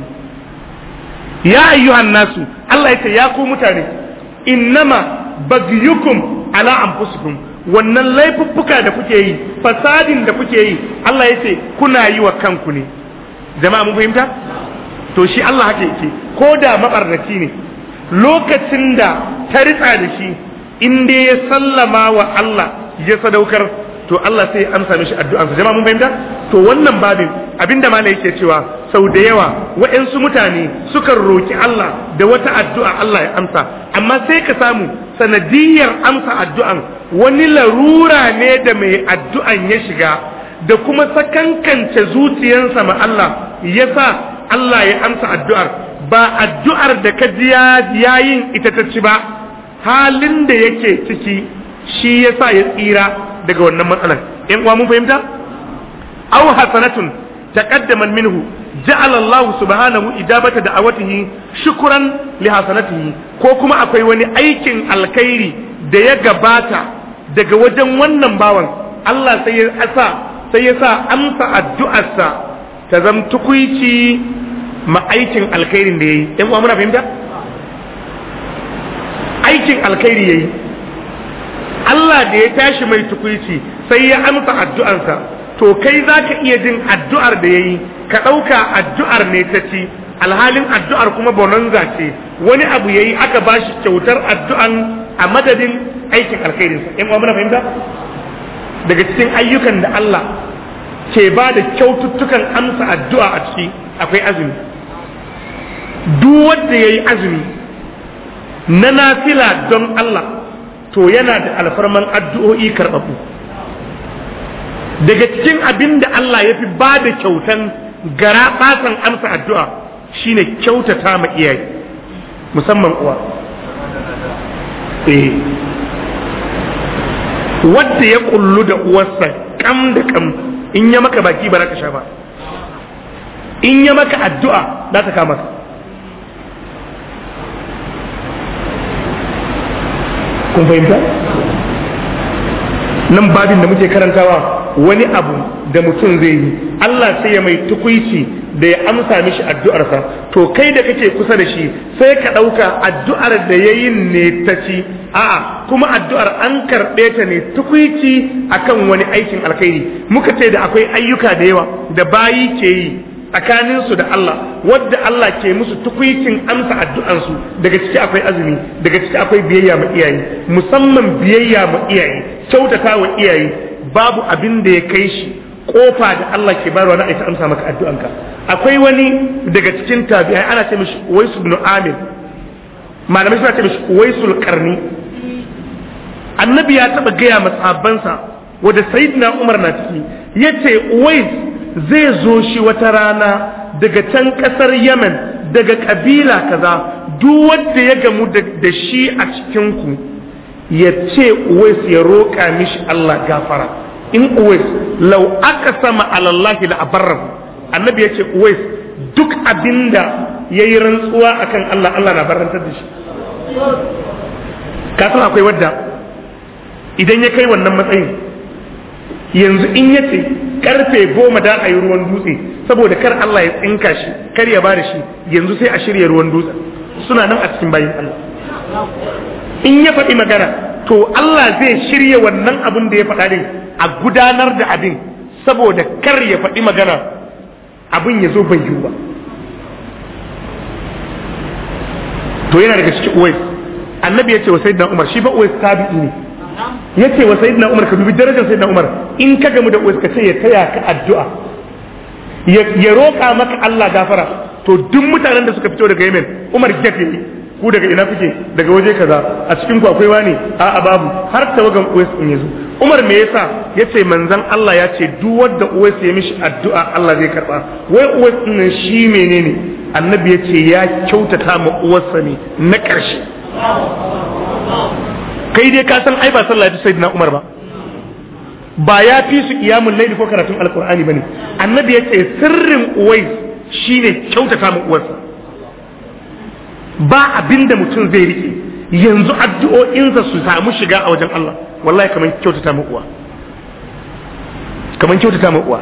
ya ayyuhan nasu Allah yace ya ku mutane innama bagyukum ala anfusikum wannan laifuffuka da kuke yi fasadin da kuke yi Allah yace kuna yi wa kanku ne jama'a mun fahimta to shi Allah haka yake ko da mabarnaci ne lokacin da ta ritsa da shi in dai ya sallama wa Allah ya sadaukar to Allah sai amsa mishi addu'ansa jama'a mun fahimta to wannan babin abinda malai yake cewa sau da yawa waɗansu mutane sukan roki Allah da wata addu'a Allah ya amsa amma sai ka samu sanadiyar amsa addu'an wani larura ne da mai addu'an ya shiga da kuma sakankance zuciyarsa ma Allah ya sa Allah ya amsa addu'ar ba addu'ar da ka ji yayin ita ta ci ba halin da yake ciki shi ya sa ya tsira daga wannan matsalan in kuwa mun fahimta aw hasanatun taqaddaman minhu ja'ala Allah subhanahu ijabata da'awatihi shukran li hasanatihi ko kuma akwai wani aikin alkhairi da ya gabata daga wajen wannan bawan Allah sai ya sa sai ya sa amsa addu'arsa ta zamtu kuici ma aikin alkhairin da yayi in kuwa muna fahimta aikin alkhairi yayi Allah da ya tashi mai tukuici sai ya amsa addu'ansa to kai za ka iya jin addu'ar da ya yi ka ɗauka addu'ar ne ta ci alhalin addu'ar kuma bonanza ce wani abu ya yi aka ba shi kyautar addu'an a madadin aikin alkhairinsa in muna fahimta daga cikin ayyukan da Allah ke ba da kyaututtukan amsa addu'a a ciki akwai azumi duk wanda ya yi azumi na nafila don Allah to yana da alfarman addu'o'i karɓaɓu daga cikin abin da Allah ya fi ba da kyautan gara ɓasan amsa addu'a shine kyautata ma iyaye musamman uwa eh wadda ya kullu da uwarsa kam da kam in ya maka baki ba za ka sha ba in ya maka addu'a za ta kama kun fahimta nan babin da muke karantawa wani abu da mutum zai yi Allah sai ya mai tukuici da ya amsa mishi addu'arsa to kai da kake kusa da shi sai ka ɗauka addu'ar da ya yi ne ta ci a'a kuma addu'ar an karɓe ta ne tukuici akan wani aikin alkhairi muka ce da akwai ayyuka da yawa da bayi ke yi tsakaninsu da Allah wanda Allah ke musu tukuicin amsa addu'ansu daga ciki akwai azumi daga ciki akwai biyayya ma iyaye musamman biyayya ma iyaye kyautata wa iyaye babu abin da ya kai shi kofa da Allah ke bayarwa na aita amsa maka addu'anka akwai wani daga cikin tabi'ai ana ce mishi Uwaisu ibn Amir malamai suna ce mishi Uwaisul Qarni annabi ya taba gaya masabansa wanda sayyidina Umar na ciki yace Uwais zai zo shi wata rana daga can kasar yemen daga kabila kaza duk wanda ya gamu da shi a cikinku ya ce uwais ya roƙa mishi allah gafara in uwais lau aka sama alallahi la'abarar annabi ya ce uwais duk abinda ya yi rantsuwa akan allah allah na barantar da shi san akwai wadda idan ya kai wannan matsayin yanzu in ya karfe goma dan a yi ruwan dutse saboda kar Allah ya tsinka shi kar ya bada shi yanzu sai a shirya ruwan dutse suna nan a cikin bayin Allah in ya faɗi magana to Allah zai shirya wannan abin da ya faɗa din a gudanar da abin saboda kar ya faɗi magana abin ya zo bai yiwu ba to yana daga cikin uwais annabi ya ce wa sayyidina umar shi ba uwais tabi'i ne yace wa sayyidina umar ka dubi darajar sayyidina umar in ka gamu da uwais ka ce ya taya ka addu'a ya roƙa maka Allah gafara to duk mutanen da suka fito daga Yemen Umar gefe ku daga ina kuke daga waje kaza a cikin ku akwai wani a babu har ta wagan Uwais in yazo Umar me yasa yace manzan Allah ya ce duk wanda Uwais ya mishi addu'a Allah zai karba wai Uwais din shi menene annabi yace ya kyautata ma uwarsa ne na ƙarshe kai dai ka san ai ba sallah ta sayyidina Umar ba ba ya fi su kiyamul laili ko karatun alqur'ani bane annabi ya ce sirrin uwai shine kyautata mu uwarsa ba abinda mutum zai rike yanzu addu'o'insa su samu shiga a wajen Allah wallahi kaman kyautata mu uwa kaman kyautata mu uwa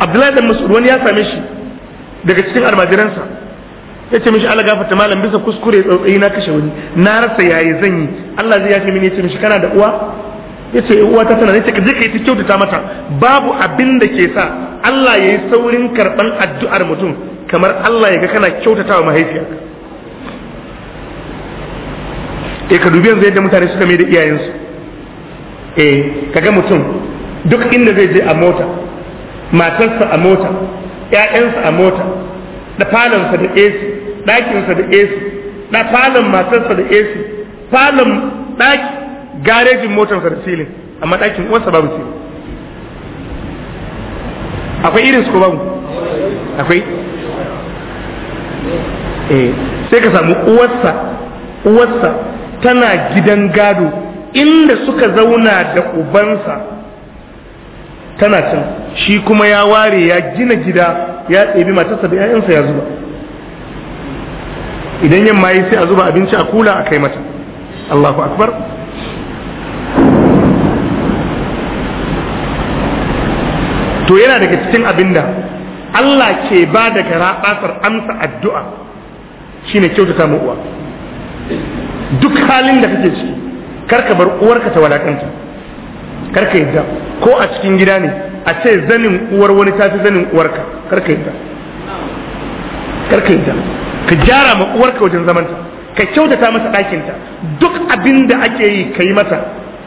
Abdullahi dan Mas'ud wani ya same shi daga cikin almajiransa ya ce mishi Allah gafarta malam bisa kuskure tsautsayi na kashe wani na rasa yayi zan yi Allah zai yafe mini ya ce mishi kana da uwa ya ce uwa ta tana ce ka je ka yi ta kyautata mata babu abin da ke sa Allah ya yi saurin karɓan addu'ar mutum kamar Allah ya ga kana kyautata wa mahaifiya eh ka dubi yanzu yadda mutane suka mai da iyayensu eh ga mutum duk inda zai je a mota matarsa a mota ƴaƴansa a mota da falonsa da esi ɗakinsa da AC da falon matarsa da AC falon ɗaki garejin motarsa da silin amma ɗakin uwarsa babu silin akwai irin su ko babu akwai eh sai ka samu uwarsa uwarsa tana gidan gado inda suka zauna da ubansa tana can shi kuma ya ware ya gina gida ya tsebi matarsa da 'ya'yansa ya zuba idan yamma yi sai a zuba abinci a kula a kai mata Allahu akbar to yana daga cikin abinda Allah ke ba da gara amsa addu'a shine kyautata mu uwa duk halin da kake ciki karka bar uwarka ta walakanta karka yadda ko a cikin gida ne a ce zanin uwar wani tafi zanin uwarka karka yadda karka yadda ka gyara ma uwarka wajen zamanta ka kyautata masa ɗakinta duk abin da ake yi ka yi mata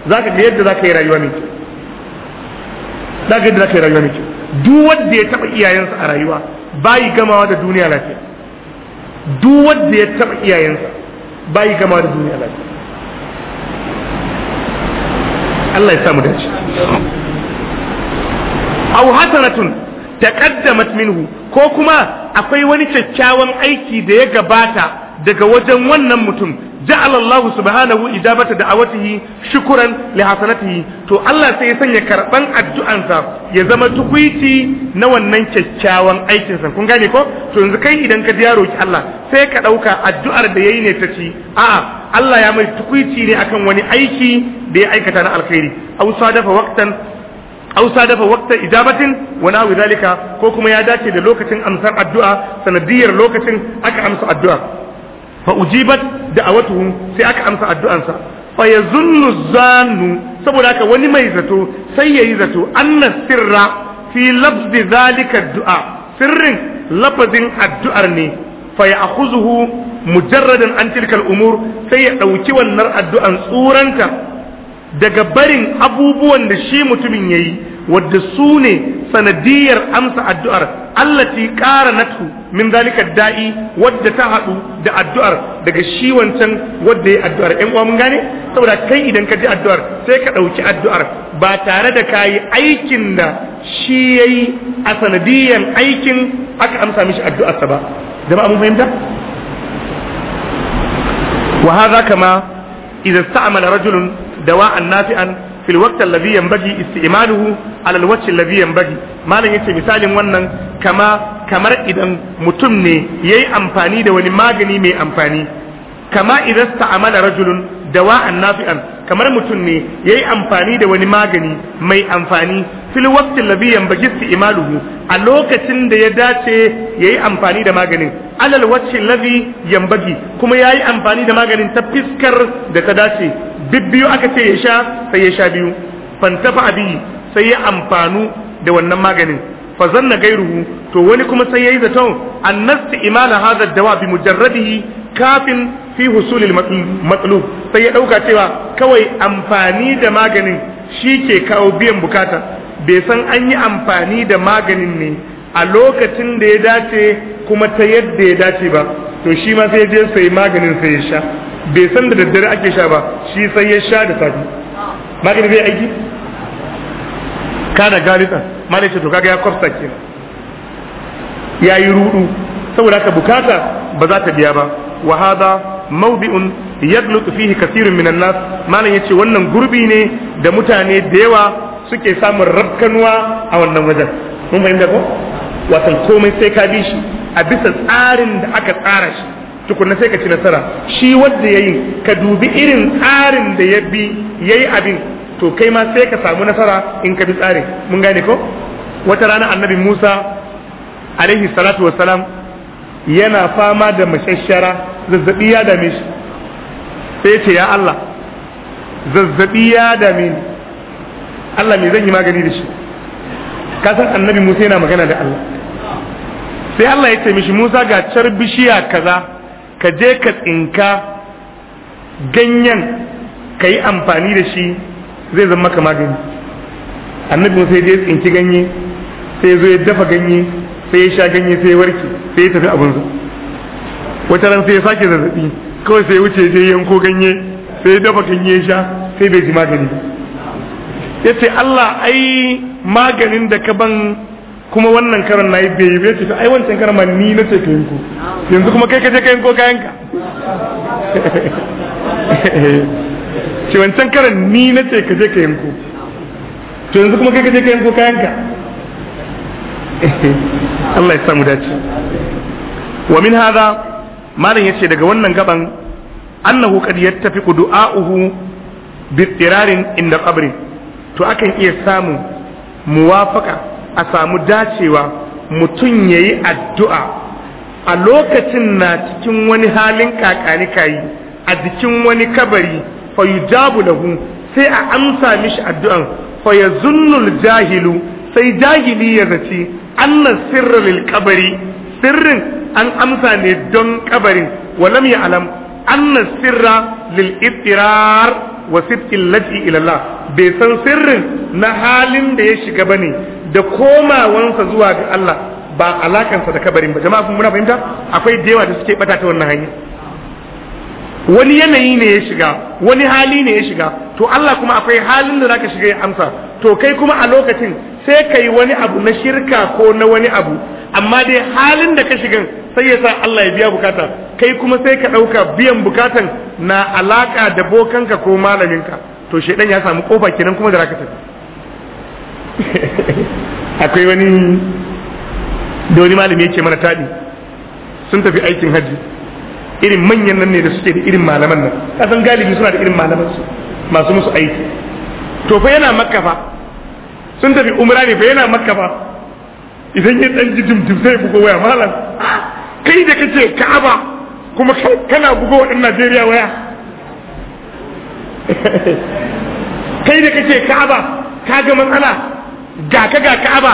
za ka ga yadda za ka yi rayuwa mai kyau za ka yadda za ka yi rayuwa mai kyau duk wanda ya taɓa iyayensa a rayuwa bayi gamawa da duniya lafiya duk wanda ya taɓa iyayensa bayi gamawa da duniya lafiya Allah ya samu dace au hasanatun taqaddamat minhu ko kuma akwai wani kyakkyawan aiki da ya gabata daga wajen wannan mutum ja'ala Allah subhanahu ijabata da'awatihi shukran li hasanatihi to Allah sai ya sanya karban addu'ansa ya zama tukuiti na wannan kyakkyawan aikin sa kun gane ko to yanzu kai idan ka ji yaro ki Allah sai ka dauka addu'ar da yayi ne ta ci a'a Allah ya mai tukuiti ne akan wani aiki da ya aikata na alkhairi aw sadafa waqtan أو صادف وقت إجابة وناو ذلك كوكما يداتي للوكة أمثال الدعاء سندير لوكة أك أمس الدعاء فأجيبت في سأك أمس الدعاء فيظن الزان سبو لك ونما يزتو أن السر في لفظ ذلك الدعاء سر لفظ الدعاء فيأخذه مجردا عن تلك الأمور سيئة سيأوتي والنرأة الدعاء صورا daga barin abubuwan da shi mutumin yayi wadda su ne sanadiyar amsa addu'ar allati ƙara natu min zalika da'i wadda ta haɗu da addu'ar daga shi wancan wadda ya addu'ar ‘yan uwa mun gane saboda kai idan ka ji addu'ar sai ka ɗauki addu'ar ba tare da ka yi aikin da shi ya yi a sanadiyar aikin aka amsa mishi addu'arsa ba jama'a mun fahimta wa haza kama idan sta'amala rajulun dawa'an nafi'an fil waqti alladhi yanbaghi isti'maluhu ala alwajhi alladhi yanbaghi malam misalin wannan kama kamar idan mutum ne ya yi amfani da wani magani mai amfani kama idan sta'amala rajulun dawa'an nafi'an kamar mutum ne ya yi amfani da wani magani mai amfani fil waqtin ladhi yanbaghi imaluhu a lokacin da ya dace yayi amfani da maganin alal wacce ladhi yanbaghi kuma yayi amfani da maganin ta fiskar da ta dace bibbiyu aka ce ya sha sai ya sha biyu fantafa abi sai ya amfanu da wannan maganin fa zanna gairuhu to wani kuma sai yayi zaton annas imala hadha dawa bi mujarradihi kafin fi husulil matsalub sai ya ɗauka cewa kawai amfani da maganin shi ke kawo biyan bukata bai san an yi amfani da maganin ne a lokacin da ya dace kuma ta yadda ya dace ba to shi ma sai je sai maganin sai ya sha bai san da daddare ake sha ba shi sai ya sha da safi maganin zai aiki kada galitan malaita to kaga ya kwafsa kenan ya yi rudu saboda haka bukata ba za ta biya ba Wahaza, hada mawdi'un yaglutu fihi kathirun minan nas malam yace wannan gurbi ne da mutane da yawa suke samun rabkanuwa a wannan wajen mun fahimta ko watan komai sai ka bi shi a bisa tsarin da aka tsara shi tukunna sai ka ci nasara shi wanda ya yi ka dubi irin tsarin da ya bi yayi abin to kai ma sai ka samu nasara in ka bi tsari. mun gane ko wata rana annabi Musa alaihi salatu wassalam yana fama da mashashara zazzabi ya dame shi sai ce ya Allah zazzabi ya dame ni Allah me zan yi magani da shi ka san annabi Musa yana magana da Allah sai Allah ya ce mishi Musa ga car bishiya kaza ka je ka tsinka ganyen ka yi amfani da shi zai zama maka magani annabi Musa ya je tsinki ganye sai ya zo ya dafa ganye sai ya sha ganye sai ya warke sai ya tafi abinsa wata ran sai ya sake zazzabi kawai sai wuce je yanko ganye sai dafa ganye sha sai bai ji magani ya ce Allah ai maganin da ka ban kuma wannan karan na yi bai yi bai ce ai wancan karan ma ni na ce ka yanko yanzu kuma kai ka je ka yanko ka [LAUGHS] ce wancan karan ni na ce ka je ka yanko to yanzu kuma kai ka je ka yanko ka. Eh, Allah ya mu dace wa min hadha malam yace daga wannan gaban annahu qad yattafiqu du'a'uhu bi tirarin inda qabri to akan iya samu muwafaka a samu dacewa mutum yayi addu'a a lokacin na cikin wani halin kakani kayi a jikin wani kabari fa yujabu lahu sai a amsa mishi addu'an fa yazunnul jahilu sai jahili ya zaci anna sirra lil kabari sirrin an amsa ne don kabarin walam ya alam anna sirra lil ittirar wa sibqil lati ila bai san sirrin na halin da ya shiga bane da komawansa zuwa ga Allah ba alakansa da kabarin ba jama'a kun muna fahimta akwai da yawa da suke bata ta wannan hanya wani yanayi ne ya shiga wani hali ne ya shiga to Allah kuma akwai halin da zaka shiga ya amsa to kai kuma a lokacin sai kai wani abu na shirka ko na wani abu amma dai halin da ka shigan sai ya sa Allah ya biya bukata kai kuma sai ka ɗauka biyan bukatan na alaka da bokanka ko malaminka to shedan ya samu kofa kenan kuma da zaka tafi [LAUGHS] akwai wani da wani malami yake mana taɗi sun tafi aikin hajji irin manyan nan ne da suke da irin malaman nan kasan galibi suna da irin malaman su masu musu aiki to fa yana makka fa sun tafi umra ne fa yana makka fa idan ya dan jijim dumdum sai bugo waya malam kai da kace ka'aba kuma kana bugo wa Najeriya waya [LAUGHS] kai da kace ka'aba ka ga matsala ga ka ga ka'aba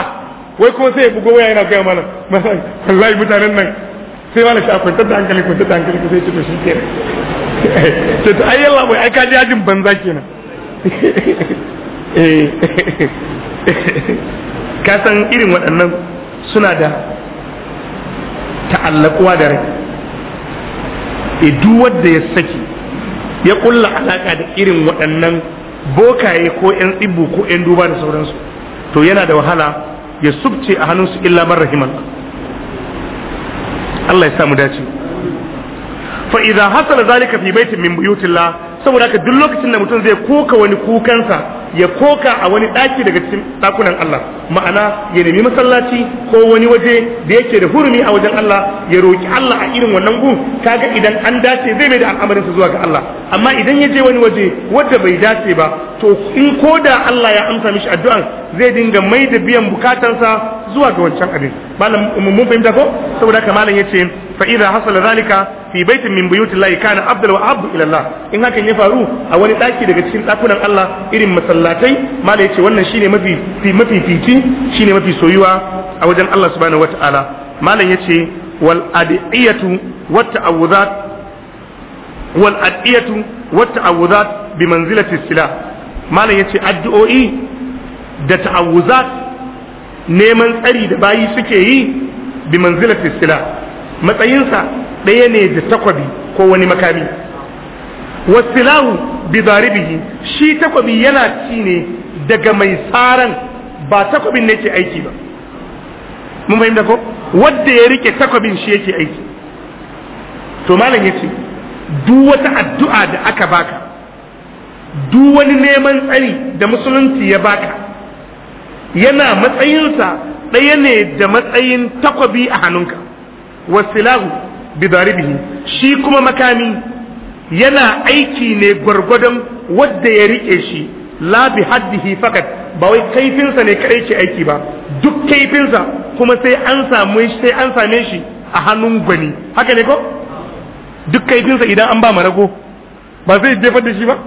wai kuma sai bugo waya yana gaya malam wallahi mutanen nan sai wani shi kwanta da hankali kwanta da hankali ko sai ce to shi kenan to [LAUGHS] to ai yalla boy ai ka ji ajin banza kenan [LAUGHS] eh. [LAUGHS] ka san irin waɗannan suna da ta'allakuwa da rai e duk wanda ya saki ya kulla alaka da irin waɗannan bokaye ko ƴan tsibbu ko ƴan duba da sauransu to yana da wahala ya subce a hannunsu illa man rahimallah Allah ya samu dace fa idza hasala zalika fi baitin min buyutillah saboda haka duk lokacin da mutum zai kuka wani kukansa ya koka a wani ɗaki daga cikin ɗakunan Allah ma'ana ya nemi masallaci ko wani waje da yake da hurumi a wajen Allah ya roki Allah a irin wannan gun kaga idan an dace zai mai da al'amarin zuwa ga Allah amma idan ya je wani waje wanda bai dace ba to in koda Allah ya amsa mishi addu'an zai dinga mai da biyan bukatansa zuwa ga wancan abin malam mun fahimta ko saboda haka malam yace fa idza hasala zalika fi baitin min buyutillahi kana abdal wa abdu ila Allah in hakan ya faru a wani daki daga cikin dakunan Allah irin masallatai mala yace wannan shine mafi fi mafi fici shine mafi soyuwa a wajen Allah subhanahu wataala malam yace wal adiyatu wat ta'awudat wal adiyatu wat ta'awudat bi manzilati sila malam yace addu'o'i da ta'awuzat neman tsari da bayi suke yi bi manzilati sila matsayinsa ɗaya ne da takwabi ko wani makami wasilahu bi shi takwabi yana ci ne daga mai tsaran ba takwabin ne ke aiki ba mun fahimta ko wanda ya rike takwabin shi yake aiki to malam yace duk wata addu'a da aka baka duk wani neman tsari da musulunci ya baka yana matsayinsa ɗaya ne da matsayin takwabi a hannunka wasilahu bidaribihi shi kuma makami yana aiki ne gwargwadon wadda ya rike shi la bi haddihi fakat ba wai kaifinsa ne kadai ke aiki ba duk kaifinsa kuma sai an samu shi sai an same shi a hannun gwani haka ne ko duk kaifinsa idan an ba marago ba zai jefar da shi ba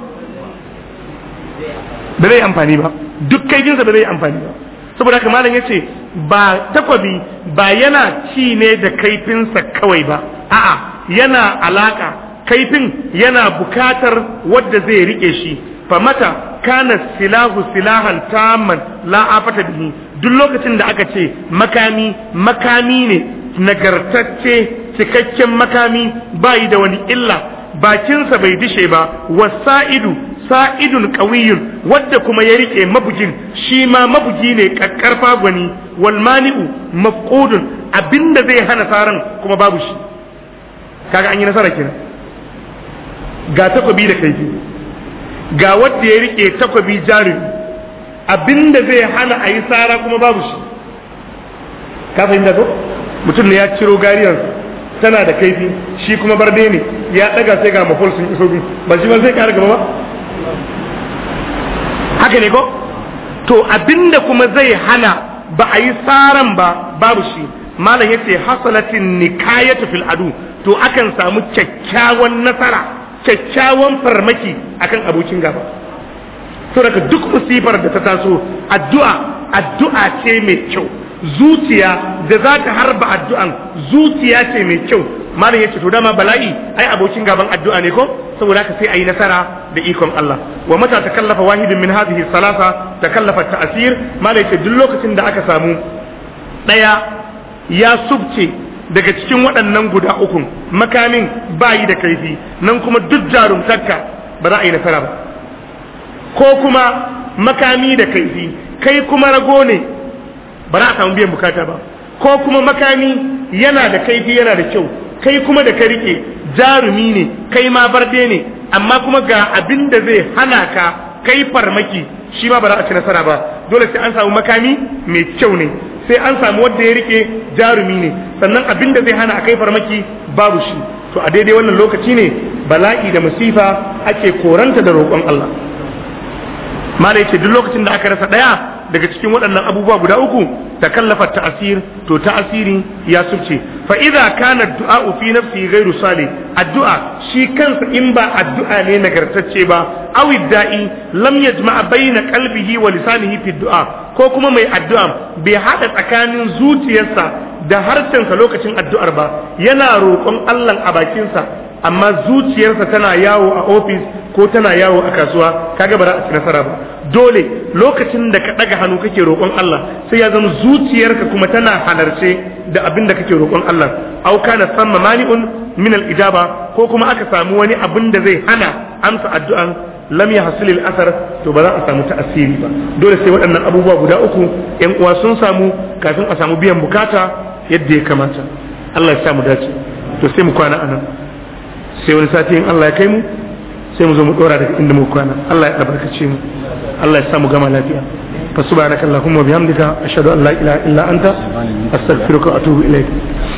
ba zai amfani ba duk kaifinsa ba zai amfani ba saboda haka malam yace ba takwabi ba yana ci ne da kaifinsa kawai ba a'a yana alaka kaifin yana bukatar wadda zai rike shi famata kana silahu silahan tamman la afata bihi duk lokacin da aka ce makami makami ne nagartacce cikakken makami bayi da wani illa bakinsa bai dishe ba wasa'idu sa'idun qawiyyun wadda kuma ya rike mabugin shi ma mabugi ne gwani abinda zai hana kuma babu shi kaga an yi nasara kenan ga takobi da kaifi ga wadda ya riƙe takobi jarin abinda zai hana a yi sara kuma babu shi ka fahimta ko mutum ne ya ciro gariyarsa tana da kaifi shi kuma barde ne ya ɗaga sai ga mafol sun iso ba shi ba zai kara gaba ba haka ne ko to abinda kuma zai hana ba a yi tsaron ba babu shi malam ya ce hasalatin nikaya fil adu to akan samu kyakkyawan nasara kyakkyawan farmaki akan abokin gaba to daga duk musibar da ta taso addu'a addu'a ce mai kyau zuciya da za ta harba addu'an zuciya ce mai kyau malam yace to dama bala'i ai abokin gaban addu'a ne ko saboda haka sai ayi nasara da ikon Allah wa mata takallafa wahidun min hadhihi salasa takallafa ta'sir malam ce duk lokacin da aka samu ɗaya ya subce daga cikin waɗannan guda uku makamin bayi da kaifi nan kuma duk jarumtarka ba za a yi nasara ba ko kuma makami da kaifi kai kuma rago ne ba za a samu biyan bukata ba ko kuma makami yana da kaifi yana da kyau kai kuma da ka rike jarumi ne kai ma barde ne amma kuma ga abin da zai hana ka kai farmaki shi ma ba za a ci nasara ba dole sai an samu makami mai kyau ne sai an samu wanda ya rike jarumi ne sannan abin da zai hana a kai farmaki babu shi to a daidai wannan lokaci ne bala'i da masifa ake koranta da roƙon Allah mala ce duk lokacin da aka rasa ɗaya. daga cikin waɗannan abubuwa guda uku takallafa ta'asir to ta'asiri ya sufce. fa idza kana du'a fi nafsi ghairu salih addu'a shi kansa in ba addu'a ne nagartacce ba awi da'i lam yajma'a baina qalbihi wa lisanihi fi du'a ko kuma mai addu'a bai hada tsakanin zuciyarsa da harcensa lokacin addu'ar ba yana roƙon Allah a bakinsa amma zuciyarsa tana yawo a ofis ko tana yawo a kasuwa kaga ba za a ci nasara ba dole lokacin da ka ɗaga hannu kake roƙon Allah sai ya zama zuciyarka kuma tana halarce da abin da kake roƙon Allah au kana samma mani'un min al-ijaba ko kuma aka samu wani abin da zai hana amsa addu'an lam yahsul al-athar to ba za a samu ta'asiri ba dole sai waɗannan abubuwa guda uku ƴan uwa sun samu kafin a samu biyan bukata yadda ya kamata Allah ya sa mu dace to sai mu kwana anan sai wani sati in Allah ya kai mu sai mu zo mu dora daga inda mu kwana Allah ya albarkace mu Allah ya samu gama lafiya fa subhanakallahumma bihamdika ashhadu an la ilaha illa anta astaghfiruka wa atubu ilaik